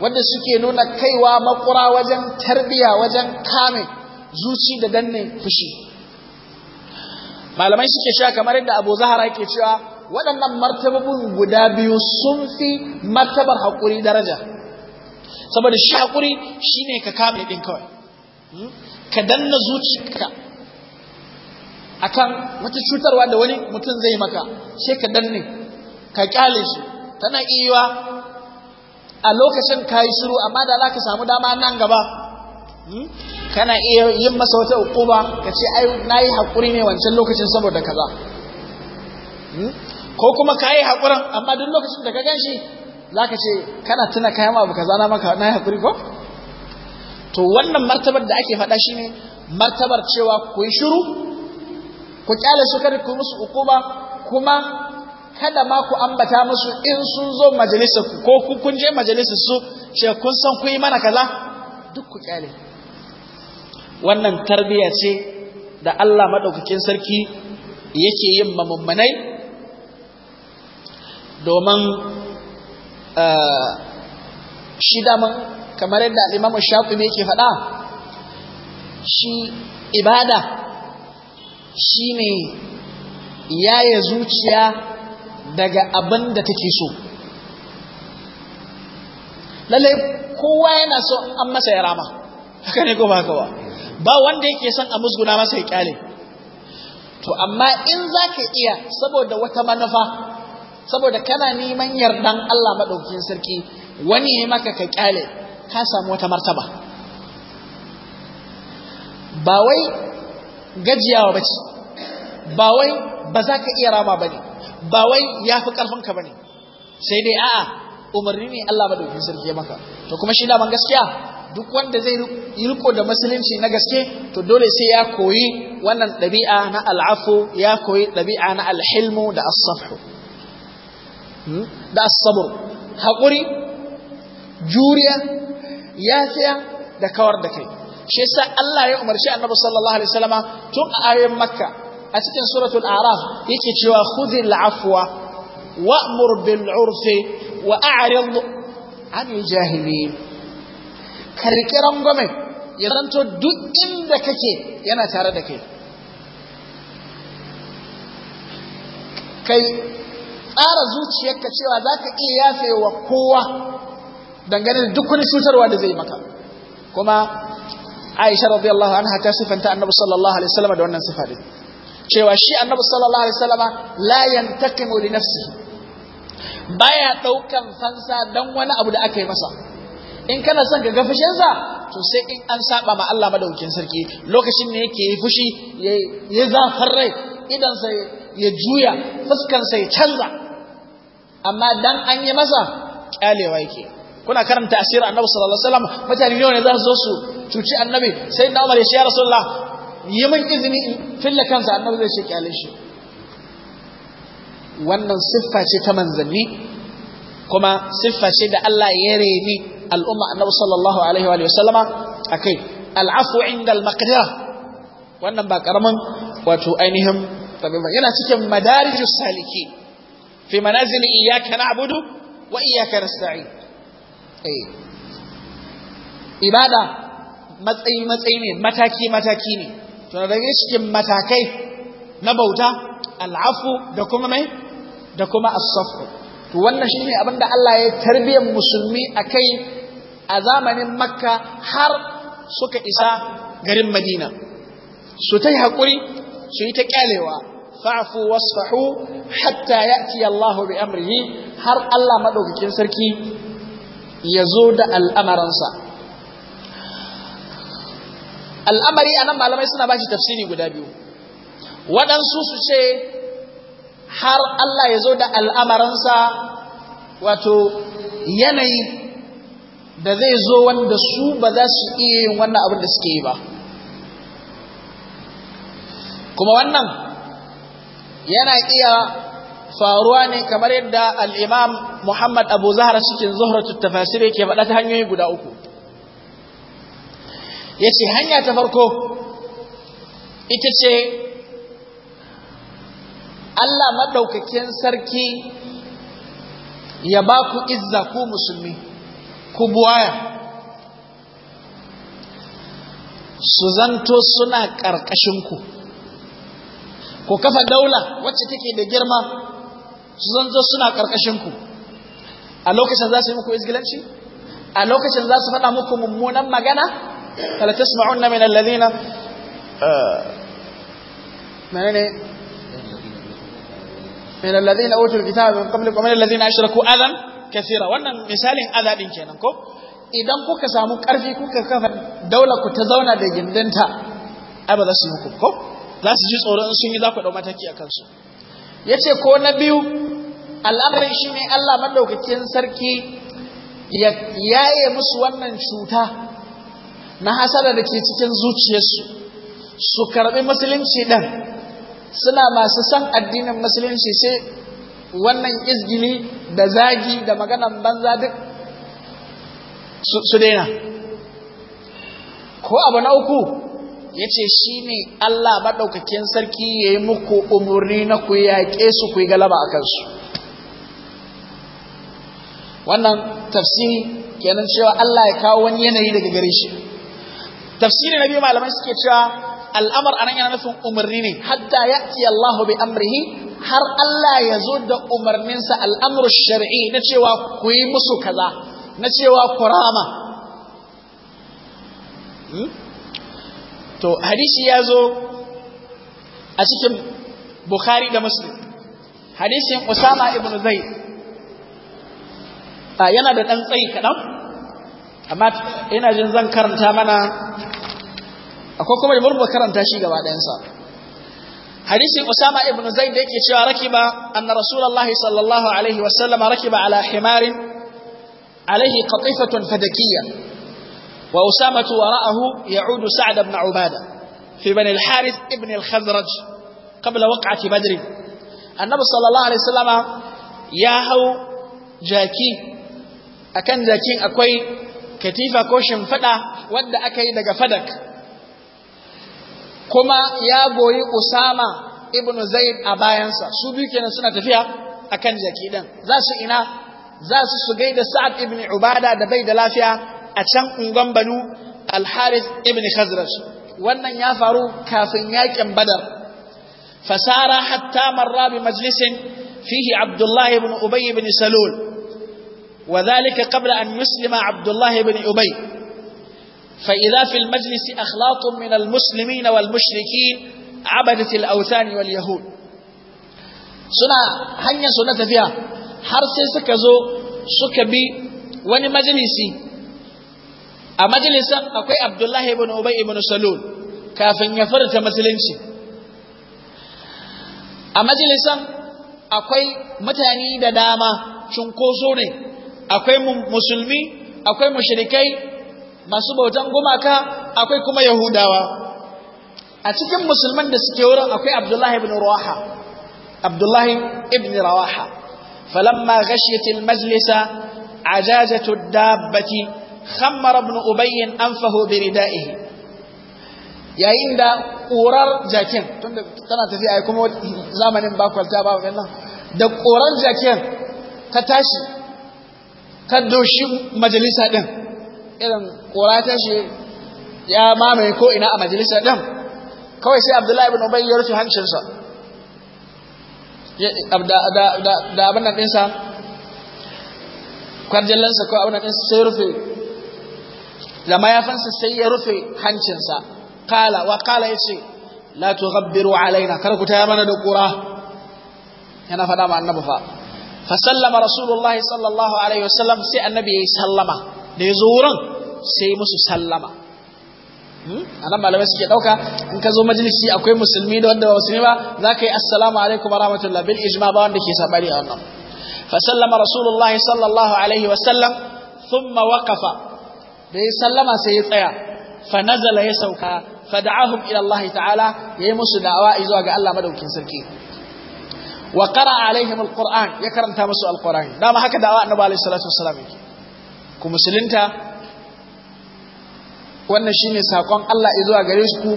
wadda suke nuna kaiwa makura wajen tarbiya wajen kame zuci da danne fushi malamai suke sha kamar yadda abu zahara ke cewa waɗannan martababin guda biyu sun fi martabar haƙuri daraja saboda shi haƙuri shi ne ka kame ɗin kawai hmm? ka danna zuciyarka kan wata cutarwa da wani mutum zai maka sai ka danne ka kyale shi tana iya a lokacin ka yi shiru amma da za ka samu dama nan gaba hmm? kana iya yin masa wata ukuba ka ce ai na yi haƙuri ne wancan lokacin saboda kaza hmm? ko kuma ka yi haƙurin amma duk lokacin da ka gan shi za ka ce kana tuna kayan abu kaza na maka na haƙuri ko to wannan martabar da ake faɗa shi ne martabar cewa ku yi shiru ku ƙyale su kada ku musu hukuma kuma kada ma ku ambata musu in sun zo majalisar ku ko kun je majalisar su ce kun san ku yi mana kaza duk ku kyale wannan tarbiyya ce da Allah madaukakin sarki yake yin mamummanai domin eh, shi daman kamar yadda imamu shafi ne ke faɗa shi ibada shi ne yaya zuciya daga abin da take so lallai kowa yana so an masa ya rama haka ne ba ba wanda yake son a musguna masa ya kyale to amma in za ka iya saboda wata manufa saboda kana neman yardan Allah madaukin sarki wani ya maka ka kyale ka samu wata martaba ba wai gajiyawa bace ba wai ba za ka iya rama bane ba wai ya karfin ka bane sai dai a'a umarni ne Allah madaukin sarki ya maka to kuma shi daman gaskiya duk wanda zai yi riko da musulunci na gaske to dole sai ya koyi wannan ɗabi'a na al'afu ya koyi ɗabi'a na alhilmu da as-safhu da hmm? asabur haƙuri juriya yafiya da kawar da kai shi yasa Allah ya umarci annabi sallallahu alaihi wasallama tun a ayoyin makka a cikin suratul araf yake cewa khudhil afwa wa'mur bil urfi wa a'rid anil jahilin karki rangwame ya zanto duk inda kake yana tare da kai kai tsara zuciyarka cewa za ka iya yafewa kowa dangane da duk wani cutarwa da zai maka kuma Aisha radiyallahu anha ta sifanta Annabi sallallahu alaihi wasallam da wannan sifa din cewa shi Annabi sallallahu alaihi wasallam la yantaqimu li nafsihi baya daukan fansa dan wani abu da aka yi masa in kana son ka ga fushinsa to sai in an saba ma Allah madaukin sarki lokacin ne yake yi fushi ya zafar rai idan sai ya juya fuskansa ya canza amma dan an yi masa kyalewa yake kuna karanta asirin annabi sallallahu alaihi wasallam mutane ne za su zo su cuci annabi sai na umar ya ce ya rasulullah yi min izini in fille kansa annabi zai ce kyale shi wannan siffa ce ta manzanni kuma siffa ce da Allah ya reni al'umma annabi sallallahu alaihi wa sallama akai al'afu inda al-maqdira wannan ba karaman wato ainihin yana cikin madarijus saliki fi manazil iyyaka na'budu wa iyyaka nasta'in eh ibada matsayi matsayi ne mataki mataki ne to daga cikin matakai na bauta al'afu da kuma mai da kuma as-safu to wannan shine da Allah ya tarbiyyar musulmi akai a zamanin makka har suka isa garin madina su ta yi haƙuri su yi ta ƙyalewa fa'fu wasfahu hatta ya'ti Allah bi amrihi har Allah madaukakin sarki ya zo da al'amaransa al'amari anan malamai suna bashi tafsiri guda biyu waɗansu su ce har Allah ya zo da sa wato yanayi da zai zo wanda su ba za su iya yin wannan abin da suke yi ba kuma wannan yana iya faruwa ne kamar yadda al'imam Muhammad Abu Zahra cikin zuhratu tafasir ke faɗa ta hanyoyi guda uku. Ya ce, hanya ta farko, ita ce, Allah maɗaukakin sarki ya ba ku izza ku musulmi, ku buwaya, su zanto suna ƙarƙashinku. Ku kafa daula wacce take da girma su zan zo suna ƙarƙashinku. a lokacin za su yi muku izgilanci a lokacin za su faɗa muku mummunan magana kala tasma'unna min alladhina ah. menene min alladhina utul kitaba min qablikum min alladhina ashraku adan kathira wannan misalin adadin kenan ko idan kuka samu ƙarfi kuka kafa daula ku ta zauna da gindinta ai ba za su yi muku ko za su ji tsoron in sun yi za ku ɗau mataki a kansu ya ce ko na biyu al'amarin shi ne Allah maɗaukakin sarki ya yaye musu wannan cuta na hasara da ke cikin zuciyarsu su karɓi musulunci ɗin suna masu san addinin musulunci sai wannan izgili da zagi da maganan banza duk su daina ko abu na uku ya ce shi ne Allah maɗaukakin sarki ya yi muku umarni na ku yaƙe su ku yi galaba a kansu wannan tafsiri kenan cewa Allah ya kawo wani yanayi daga gare shi tafsiri na biyu malamai suke cewa al'amar anan yana nufin umarni ne hatta ya'ti Allah bi amrihi har Allah ya zo da umarninsa al'amur shari'i na cewa ku yi musu kaza na cewa ku rama hmm? to hadisi ya zo a cikin bukhari da muslim hadisin usama ibn zaid yana da ɗan tsayi kaɗan amma ina jin zan karanta mana akwai kuma da murmur karanta shi gaba ɗayansa hadisin usama ibn zaid da yake cewa rakiba anna rasulullahi sallallahu alaihi wasallam rakiba ala himarin alaihi qatifatun fadakiyya وأسامة وراءه يعود سعد بن عبادة في بني الحارث ابن الخزرج قبل وقعة بدر النبي صلى الله عليه وسلم يا هو جاكي أكن جاكين أكوي كتيفة كوشن فدا ود أكي دق فدك كما يا بوي أسامة ابن زيد أباينسا سبيكي نسنة فيها أكن جاكي دن ذا سئنا ذا سسقيد سعد ابن عبادة دبيد لافيا a can ungon banu al-haris ibn khazraj wannan ya faru kafin yakin badar fasara hatta marra bi majlisin fihi abdullahi ibn ubay ibn salul وذلك قبل أن يسلم عبد الله بن أبي فإذا في المجلس أخلاط من المسلمين والمشركين عبدة الأوثان واليهود سنة هنيا سنة فيها حرسي سكزو سكبي ون مجلسي a majalisan akwai abdullahi ibn ubay ibn salul kafin ya furta musulunci a majlisan akwai mutane da dama cunkoso ne akwai musulmi akwai mushrikai masu bautan gumaka akwai kuma yahudawa a cikin musulman da suke wurin akwai abdullahi ibn rawaha abdullahi ibn rawaha falamma ghashiyat majlisa ajajatud dabbati khammar ibn ubayyin anfahu bi ridaihi yayin da ƙurar jakin tunda tana tafiya ai kuma zamanin ba kwalta ba wannan da ƙurar jakin ta tashi ta doshi majalisa din irin ƙura ta shi ya mamaye ko ina a majalisa din kawai sai abdullahi ibn ubayy ya rufe hancinsa da abin nan ɗinsa kwarjallansa ko abin nan sai rufe Zama ya fansa sai ya rufe hancinsa kala wa kala ya ce la tughabbiru alaina kar ku taya mana da kura yana faɗa ma annabi fa fa sallama rasulullah sallallahu alaihi wasallam sai annabi ya sallama da ya zo wurin sai musu sallama hmm? a nan malamai suke ɗauka in ka zo majalisi akwai musulmi da wanda ba musulmi ba za ka yi assalamu alaikum warahmatullah bil ijma ba wanda ke sabari a wannan fa sallama rasulullahi sallallahu alaihi wasallam thumma waqafa da ya sallama sai ya tsaya fa nazala ya sauka fa da'ahum ila Allah ta'ala yayi musu da'awa zuwa ga Allah madaukin sarki wa qara alaihim alquran ya karanta musu alquran dama haka da'awa annabi alaihi salatu wassalam yake ku musulunta wannan shine sakon Allah zuwa gare ku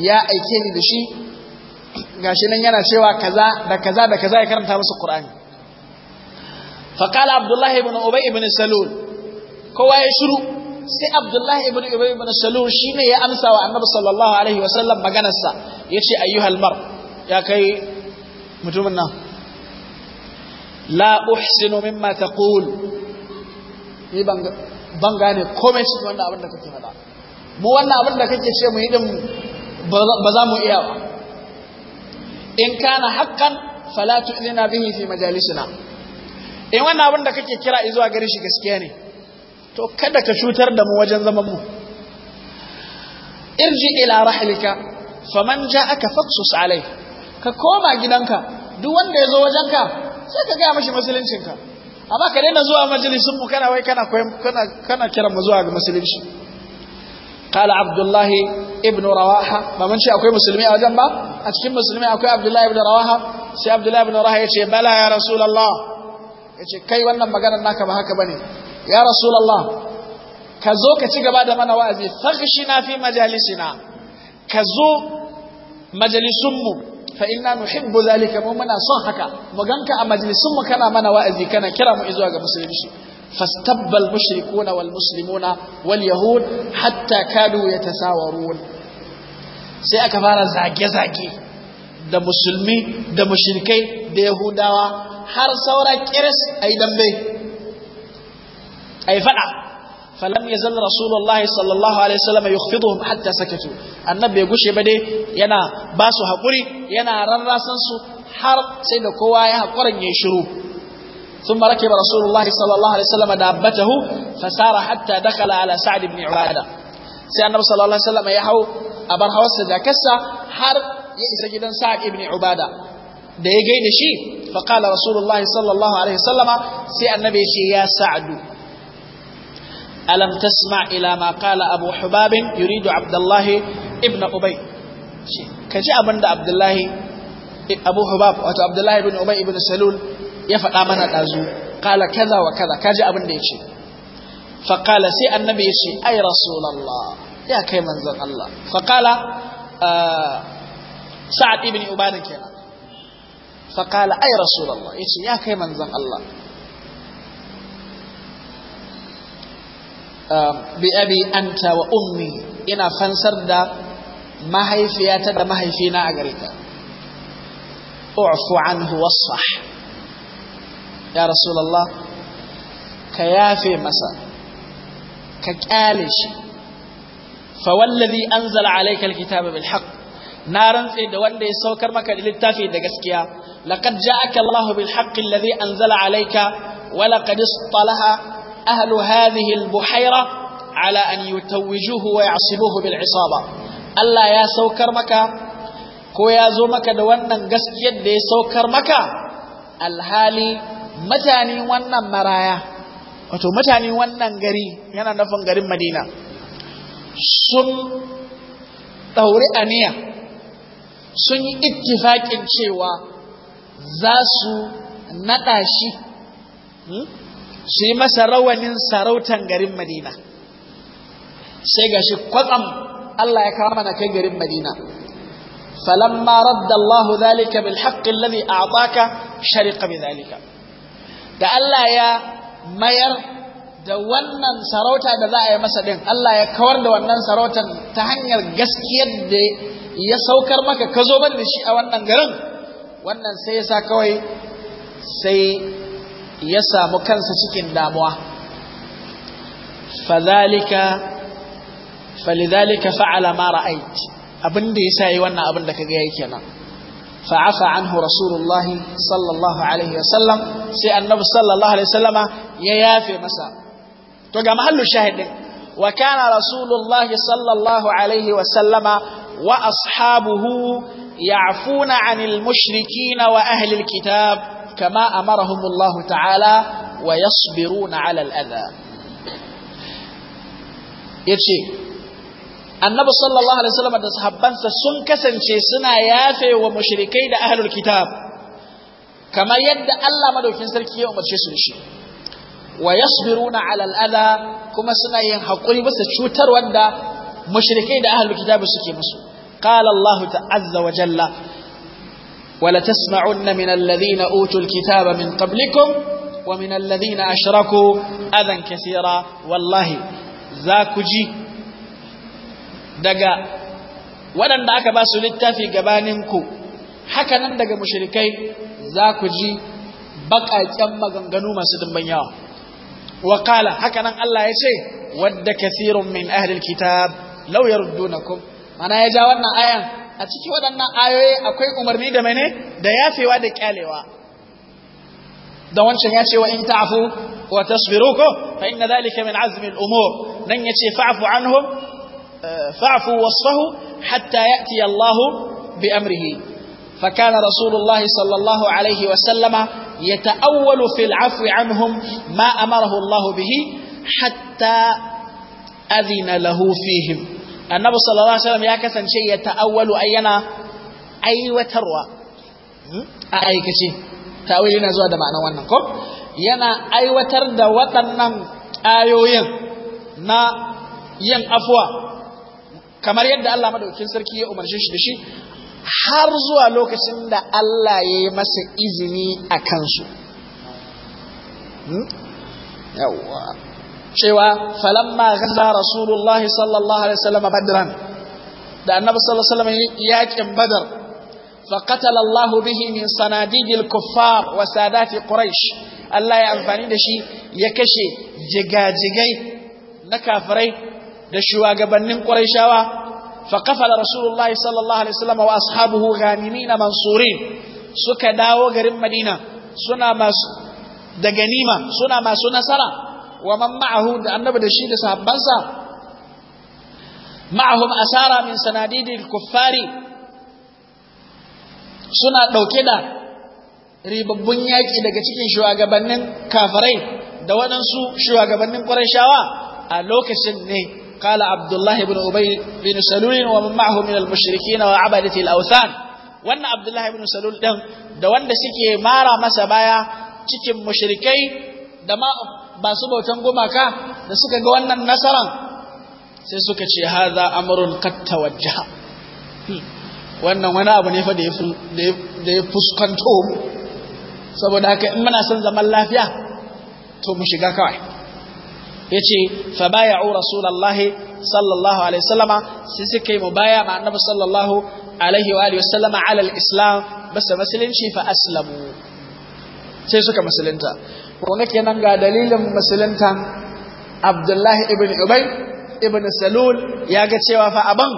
ya aike ni da shi gashi nan yana cewa kaza da kaza da kaza ya karanta musu qur'ani fa qala abdullah ibn ubay ibn salul kowa ya shiru sai Abdullahi ibn Ubay ibn Salul shine ya amsa wa Annabi sallallahu alaihi wa wasallam maganarsa yace ayyuhal mar ya kai mutumin nan la uhsinu mimma taqul ni ban ban gane komai cikin wannan abin da kake faɗa mu wannan abin da kake ce mu yi din ba za mu iya ba in kana haqqan fala tu'lina bihi fi majalisina in wannan abin da kake kira izuwa gare shi gaskiya ne to kada ka cutar da mu wajen zaman mu irji ila rahlika faman ja'aka faqsus alai ka koma gidanka duk wanda ya zo wajenka sai ka gaya mashi musuluncinka amma ka daina zuwa majalisin mu kana wai kana kana kana kiran mu zuwa ga musulunci قال عبد الله ابن رواحة ما من شيء أكوي مسلمي أو جنبه أتكلم مسلمي أكوي عبد الله ابن رواحة سي عبد الله ابن رواحة يتشي بلى يا رسول الله yace kai wannan maganar naka ba haka bane ya rasulallah ka zo ka ci gaba da mana wa'azi fakhshina fi majalisina ka zo majalisunmu fa inna nuhibbu zalika mu muna son haka mu ganka a majalisunmu kana mana wa'azi kana kira mu zuwa ga musulunci fastabba al-mushrikuna wal muslimuna wal yahud hatta kadu yatasawarun sai aka fara zage zage da musulmi da mushrikai da yahudawa har saura kiris ai dambe أي فلا فلم يزل رسول الله صلى الله عليه وسلم يخفضهم حتى سكتوا النبي يقول شيء بدي ينا باسو هقولي ينا رراسنسو har sai da كوايا قرن يشرو ثم ركب رسول الله صلى الله عليه وسلم دابته فسار حتى دخل على سعد بن عبادة سي النبي صلى الله عليه وسلم يحو أبر حوص كسا حر يئس جدا سعد بن عبادة ده يجي شي فقال رسول الله صلى الله عليه وسلم سي النبي شيء يا سعد alam tasma ila ma qala abu hubabin yuridu abdullahi ibn ubay ka ji abin da abdullahi abu hubab wato abdullahi ibn ubay ibn salul ya faɗa mana ɗazu qala kaza wa kaza ka ji abin da ya ce faƙala sai annabi ya ce ai rasulallah ya kai manzon Allah faƙala sa'ad ibn ubada kenan faƙala ai rasulallah ya ce ya kai manzon Allah Um, bi abi anta wa ummi ina fansar da mahaifiyata da mahaifina a gare ka u'fu anhu wasfah ya rasulullah ka yafe masa ka kyale shi fa wallazi anzala alayka alkitaba bil haqq na rantse da wanda ya saukar maka da littafi da gaskiya laqad ja'aka Allahu bil haqqi alladhi anzala alayka wa laqad istalaha أهل هذه البحيرة على أن يتوجوه ويعصبوه بالعصابة Allah ya saukar maka ko ya zo maka da wannan gaskiyar da ya saukar maka alhali mutane wannan maraya wato mutane wannan gari yana nufin garin Madina sun ɗauri aniya sun yi ittifaƙin cewa za su naɗa shi su yi masa rawanin sarautan garin Madina sai gashi kwatsam Allah ya kawo mana kai garin Madina falamma radda zalika bil haqqi alladhi a'taka shariqa bi zalika da Allah ya mayar da wannan sarauta da za a yi masa din Allah ya kawar da wannan sarautan ta hanyar gaskiyar da ya saukar maka ka zo da shi a wannan garin wannan sai ya sa kawai sai ya samu kansa cikin damuwa fadhalika falidhalika fa'ala ma ra'ait abinda yasa yi wannan abin da kaga yayi kenan fa'afa anhu rasulullahi sallallahu alaihi wa sallam sai annabi sallallahu alaihi wasallama ya yafe masa to ga mahallu shahidin wa kana rasulullahi sallallahu alaihi wa sallama wa ashabuhu ya'funa 'anil mushrikina wa ahli alkitab kama amarahumullahu ta'ala wa yasbiruna 'ala al-adha yace annabi sallallahu alaihi da sahabbansa sun kasance suna yafe wa mushrikai da ahlul kitab kamar yadda Allah madaukin sarki ya umarce su shi wa yasbiruna 'ala al-adha kuma suna yin hakuri bisa cutar wanda mushirikai da ahlul kitab suke musu qala Allah ta'azza wa ولا تسمعن من الذين اوتوا الكتاب من قبلكم ومن الذين اشركوا اذى كثيرا والله ذاكجي دغا ودان دا aka basu littafi gabaninku hakanan nan daga mushrikai zakuji bakakken maganganu masu dimban yawa wa qala haka nan Allah ya ce wadda kathirun min ahli alkitab law yardunakum mana ya ja wannan ayan a cikin waɗannan ayoyi akwai umarni da mene da yafewa da kyalewa da wancan ya ce wa in ta'fu wa tasbiru ko fa inna dhalika min azmi al-umur nan yace fa'fu anhum eh, fa'fu wasfahu hatta ya'ti Allah bi amrihi fa kana rasulullah sallallahu alaihi wa sallama yata'awwalu fil afwi anhum ma amarahu Allah bihi hatta adhina lahu fihim annabi sallallahu alaihi wasallam ya kasance ya ta'awwalu ai yana aiwatarwa hmm? a aikace ta'awili na zuwa da ma'anar wannan ko yana aiwatar da waɗannan ayoyin na yin afuwa kamar yadda Allah madaukakin sarki ya umarshe shi da shi har zuwa lokacin da Allah ya yi masa izini a kansu. Hmm? Yawwa. cewa falamma ghazza rasulullah sallallahu alaihi wasallam badran da annabi sallallahu alaihi wasallam yakin badar fa qatala Allah bihi min sanadidil kuffar wa sadati quraish Allah ya amfani da shi ya kashe jigajigai na kafirai da shugabannin quraishawa fa kafala rasulullah sallallahu alaihi wasallam wa ashabuhu ghanimin mansurin suka dawo garin Madina suna masu da ganima suna masu nasara wa man ma'ahu da annabi da shi da sahabbansa ma'ahum asara min sanadidil kuffari suna ɗauke da ribabbun yaƙi daga cikin shugabannin kafirai da waɗansu shugabannin ƙwarashawa a lokacin ne قال عبد الله بن أبي بن سلول ومن معه من المشركين وعبدة الأوثان وأن عبد الله بن سلول دم da wanda suke mara masa baya cikin mushrikai da ma Ba masu bautan gumaka da suka ga wannan nasaran sai suka ce haza amrun qad tawajjaha wannan wani abu ne fa da ya fuskanto mu saboda haka in muna son zaman lafiya to mu shiga kawai Ya ce fa bay'u rasulullahi sallallahu alaihi wasallama sai suka yi mu mubaya ma annabi sallallahu alaihi wa alihi wasallama ala al-islam basa musulunci fa aslamu sai suka musulunta ko kun kenan ga dalilin musuluntan Abdullahi ibn Ubay ibn Salul ya ga cewa fa aban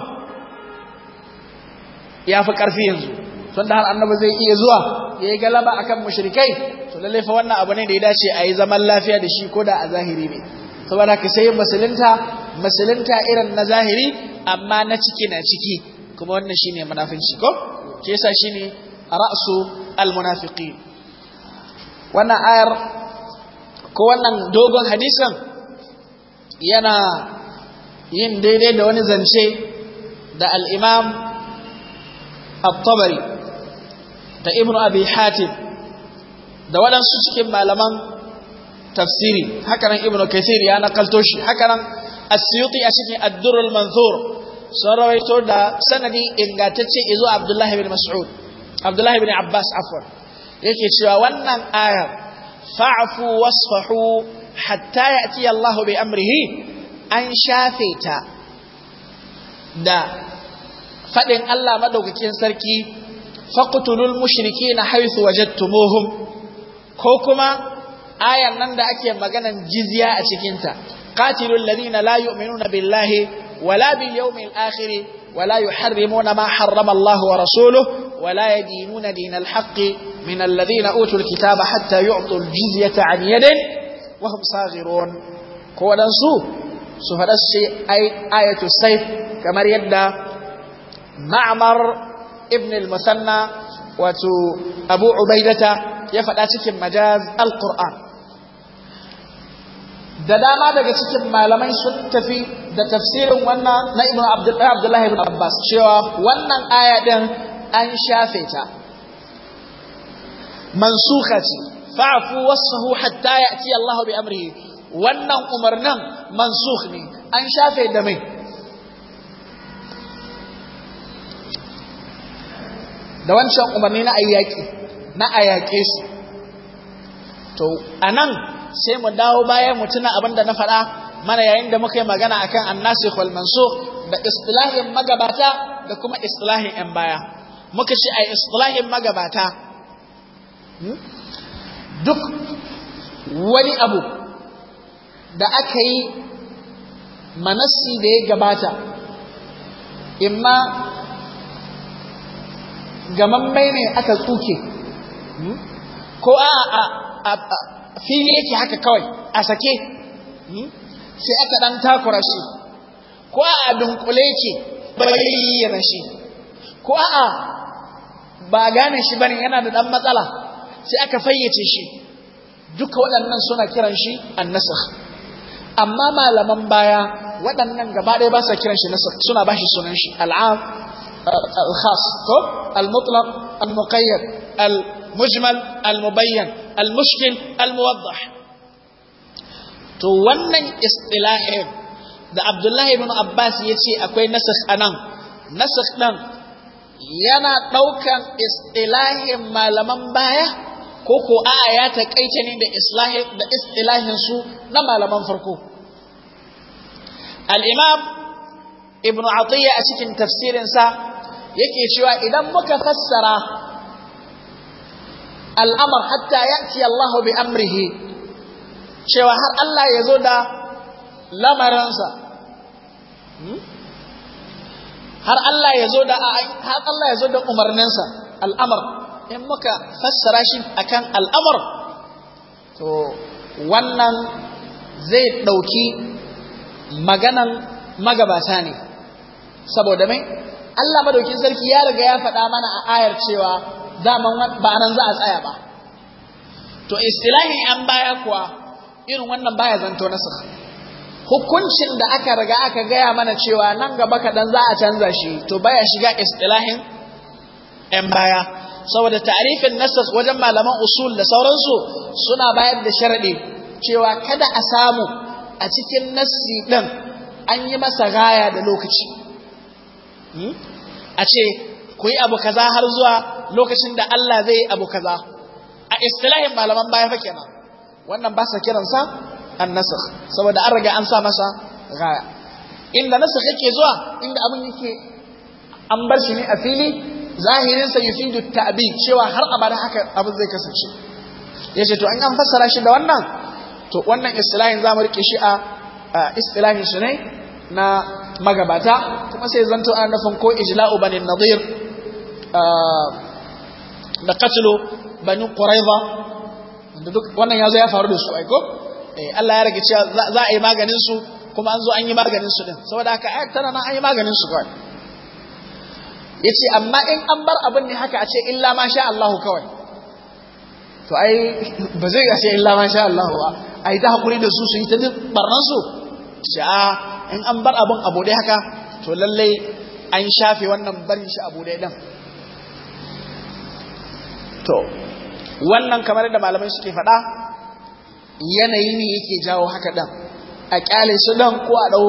ya fi karfi yanzu tun da har annabi zai iya zuwa ya yi galaba akan mushrikai to lalle fa wannan abu ne da ya dace a yi zaman lafiya da shi ko da a zahiri ne saboda ka sai musulunta musulunta irin na zahiri amma na ciki na ciki kuma wannan shine munafinci ko ke yasa shine ra'su al-munafiqin wannan ayar ko wannan dogon hadisin yana yin daidai da wani zance da al'imam al da ibn abi hatim da waɗansu cikin malaman tafsiri hakanan ibn kathir ya nakalto shi hakanan asyuti a cikin addurul manzur sun rawaito da sanadi ingantacce izo abdullahi bin mas'ud abdullahi bin abbas afwan yake cewa wannan ayar fa'afu wasfahu hatta ya'ti Allahu bi amrihi an shafe ta da fadin Allah madaukakin sarki faqtulul mushrikeena haythu wajadtumuhum ko kuma ayan nan da ake maganan jizya a cikin ta qatilul ladina la yu'minuna billahi wala bil yawmil akhir ولا يحرمون ما حرم الله ورسوله ولا يدينون دين الحق من الذين أوتوا الكتاب حتى يعطوا الجزية عن يد وهم صاغرون قولا سوء سفرسي أي آية السيف كما يدى معمر ابن المثنى وتو أبو عبيدة يفعل مجاز القرآن da dama daga cikin malamai sun tafi da tafsirin wannan na ibn abdullahi ibn abbas cewa wannan aya din an shafe ta mansukha ce fa'fu wasahu hatta ya'ti Allahu bi amrihi wannan umarnin mansukh ne an shafe da mai da wancan umarni na ayyaki na ayyake su to anan sai mu dawo bayan mu tuna abin da na faɗa mana yayin da muka yi magana akan annasikh wal mansukh da istilahin magabata da kuma istilahin yan baya muka ce ai istilahin magabata hmm, duk wani abu da aka yi manassi da ya gabata imma gamammai ne aka tsuke hmm, ko a fili yake haka kawai a sake hmm? sai aka dan takura shi ko a dunkule yake bayyana shi ko a ba gane shi bane yana da dan matsala sai aka fayyace shi duka waɗannan suna kiran shi annasakh amma malaman baya waɗannan gaba ɗaya ba sa kiran shi nasakh suna ba shi sunan shi al'am al-khas ko al-mutlaq al-muqayyad al mujmal al-mubayyan al-mushkil al-muwaddah to wannan istilahin da Abdullahi ibn Abbas ya ce akwai nasakh anan nasakh ɗin yana ɗaukan istilahin malaman baya ko ko a ya taƙaice ne da istilahin su na malaman farko al-imam ibn Atiyya a cikin tafsirinsa yake cewa idan muka fassara al'amar hatta ya'ti Allah bi amrihi cewa har Allah ya zo da lamarinsa hmm? har Allah ya zo da har Allah ya zo da umarninsa al'amar in muka fassara shi akan al'amar to wannan zai ɗauki maganan magabata ne saboda mai Allah madaukin sarki ya riga ya faɗa mana a ayar cewa daman ba nan za a tsaya ba to istilahin an baya kuwa irin wannan baya zanto nasakh hukuncin da aka riga aka gaya mana cewa nan gaba kaɗan za a canza shi to baya shiga istilahin ‘yan baya saboda tarifin nasa wajen malaman usul da sauransu suna bayar da sharaɗi cewa kada a samu a cikin nassi ɗin an yi masa gaya da lokaci hmm? a ce ku yi abu kaza har zuwa lokacin da Allah zai yi abu kaza a istilahin malaman baya fa kenan wannan ba sa kiransa annasakh saboda an riga an sa masa gaya inda nasakh yake zuwa inda abin yake an bar shi ne a fili zahirin sa yufidu ta'bi cewa har abada haka abin zai kasance yace to an an fassara shi da wannan to wannan istilahin zamu rike shi a istilahin shi ne na magabata kuma sai zanto ana nafin ko ijla'u banin nadir ah, da katilo bani ƙuraiza da duk wannan ya zo ya faru da su aiko eh, Allah ya rage cewa za a yi maganin su kuma an zo an yi maganin su din saboda haka ayat tana nan an yi maganin su kawai yace amma in an bar abin ne haka a ce illa ma sha Allahu kawai to ai ba zai ce illa ma sha Allahu ba ai da hakuri da su su yi ta barnan su sha ah, in an bar abin abu dai haka to lallai an shafe wannan barin shi abu dai dan to wannan kamar da malamai suke faɗa yanayi ne yake jawo haka ɗan a ƙyale su ɗan ko a ɗau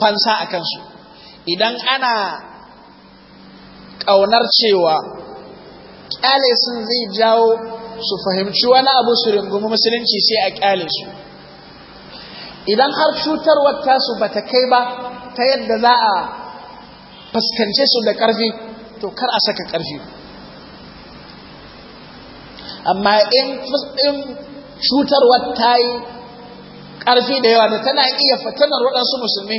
fansa a kansu idan ana ƙaunar cewa ƙyale sun zai jawo su fahimci wani abu su rungumi musulunci sai a ƙyale su idan har cutarwar tasu ba ta kai ba ta yadda za a fuskance su da ƙarfi to kar a saka ƙarfi amma in ɗin cutarwar ta yi ƙarfi da yawa da tana iya fatanar waɗansu musulmi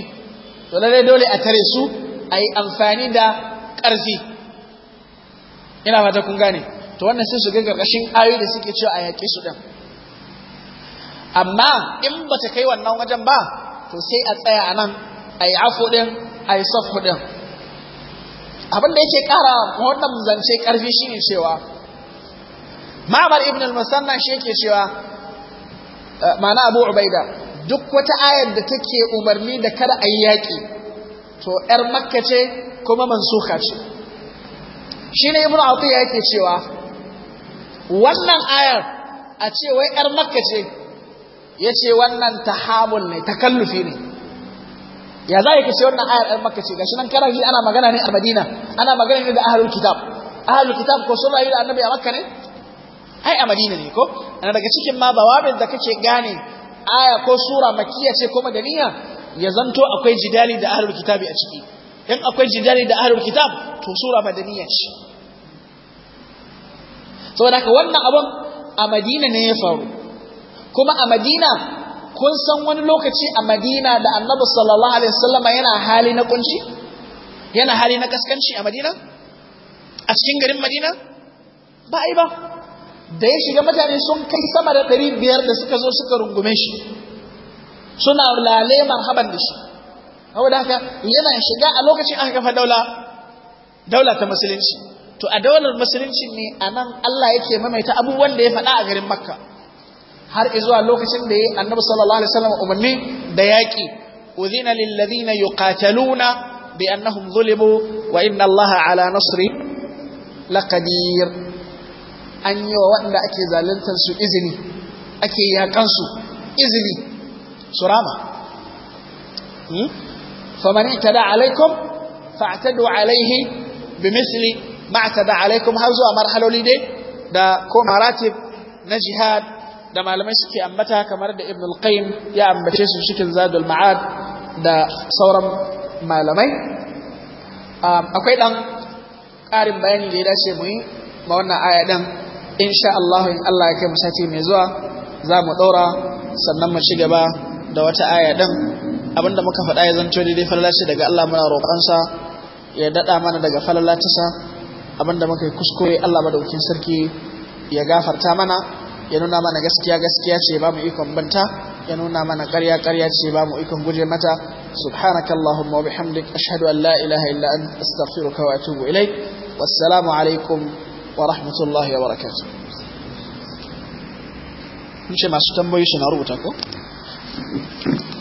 to lallai dole a tare su a yi amfani da ƙarfi ina fata kun gane to wannan sai su ga ƙarƙashin ayoyi da suke cewa a yaƙi su ɗin amma in ba ta kai wannan wajen ba to sai a tsaya a nan a yi afu ɗin a yi safu ɗin abin da yake ƙara wannan zance ƙarfi shine cewa ma'amar ibn al-musanna shi yake cewa eh, ma'ana abu ubaida duk wata ayar da take umarni da kada a yi yaƙi to ƴar makka ce kuma mansuka ce shi ne ibn atiyya yake cewa wannan ayar a ce wai ƴar makka ce ya ce wannan tahamul ne takallufi ne ya za ka ce wannan ayar ƴar makka ce ga shi nan kana ana magana ne a madina ana magana ne da ahalul kitab ahalul kitab ko sun rayu da annabi a makka ne ai a madina ne ko ana daga cikin ma bawabin da kake gane aya ko sura makkiya ce ko madaniya ya zanto akwai jidali da ahlul kitabi a ciki in akwai jidali da ahlul kitab to sura madaniya ce saboda ka wannan abun a madina ne ya faru kuma a madina kun san wani lokaci a madina da annabi sallallahu alaihi wasallam yana hali na kunci yana hali na kaskanci a madina a cikin garin madina ba ai ba da ya shiga mutane sun kai sama da ɗari biyar da suka zo suka rungume shi suna lale marhaban da shi saboda haka yana shiga a lokacin aka kafa daula daula ta musulunci to a daular musulunci ne a nan Allah yake mamaita abubuwan da ya faɗa a garin makka har zuwa lokacin da ya annabi sallallahu alaihi wasallam umarni da yaƙi udhina lil yuqataluna bi annahum zulimu wa inna allaha ala nasri laqadir an yi wa waɗanda ake zaluntar su izini ake yakan su izini su rama hmm? ta da, alaikum fa'tadu alaihi bimisli ma da alaikum har zuwa marhaloli dai da ko maratib na jihad da malamai suke ambata kamar da ibn al-qayyim ya ambace su cikin zadul ma'ad da sauran malamai um, akwai dan ƙarin bayani da ya dace mu yi ma wannan aya ɗin insha Allah in Allah ya kai mu sati mai zuwa za mu ɗaura sannan mu ci gaba da wata aya ɗin abinda muka faɗa ya zanto daidai falalaci daga Allah muna roƙonsa ya daɗa mana daga falalacinsa abinda muka yi kuskure Allah madaukin sarki ya gafarta mana ya nuna mana gaskiya gaskiya ce ba mu ikon banta ya nuna mana ƙarya ƙarya ce ba mu ikon guje mata subhanakallahumma wa bihamdik ashhadu an la ilaha illa anta astaghfiruka wa atubu ilai wassalamu alaikum ورحمة الله وبركاته نشي ما شتم ويشي نارو تاكو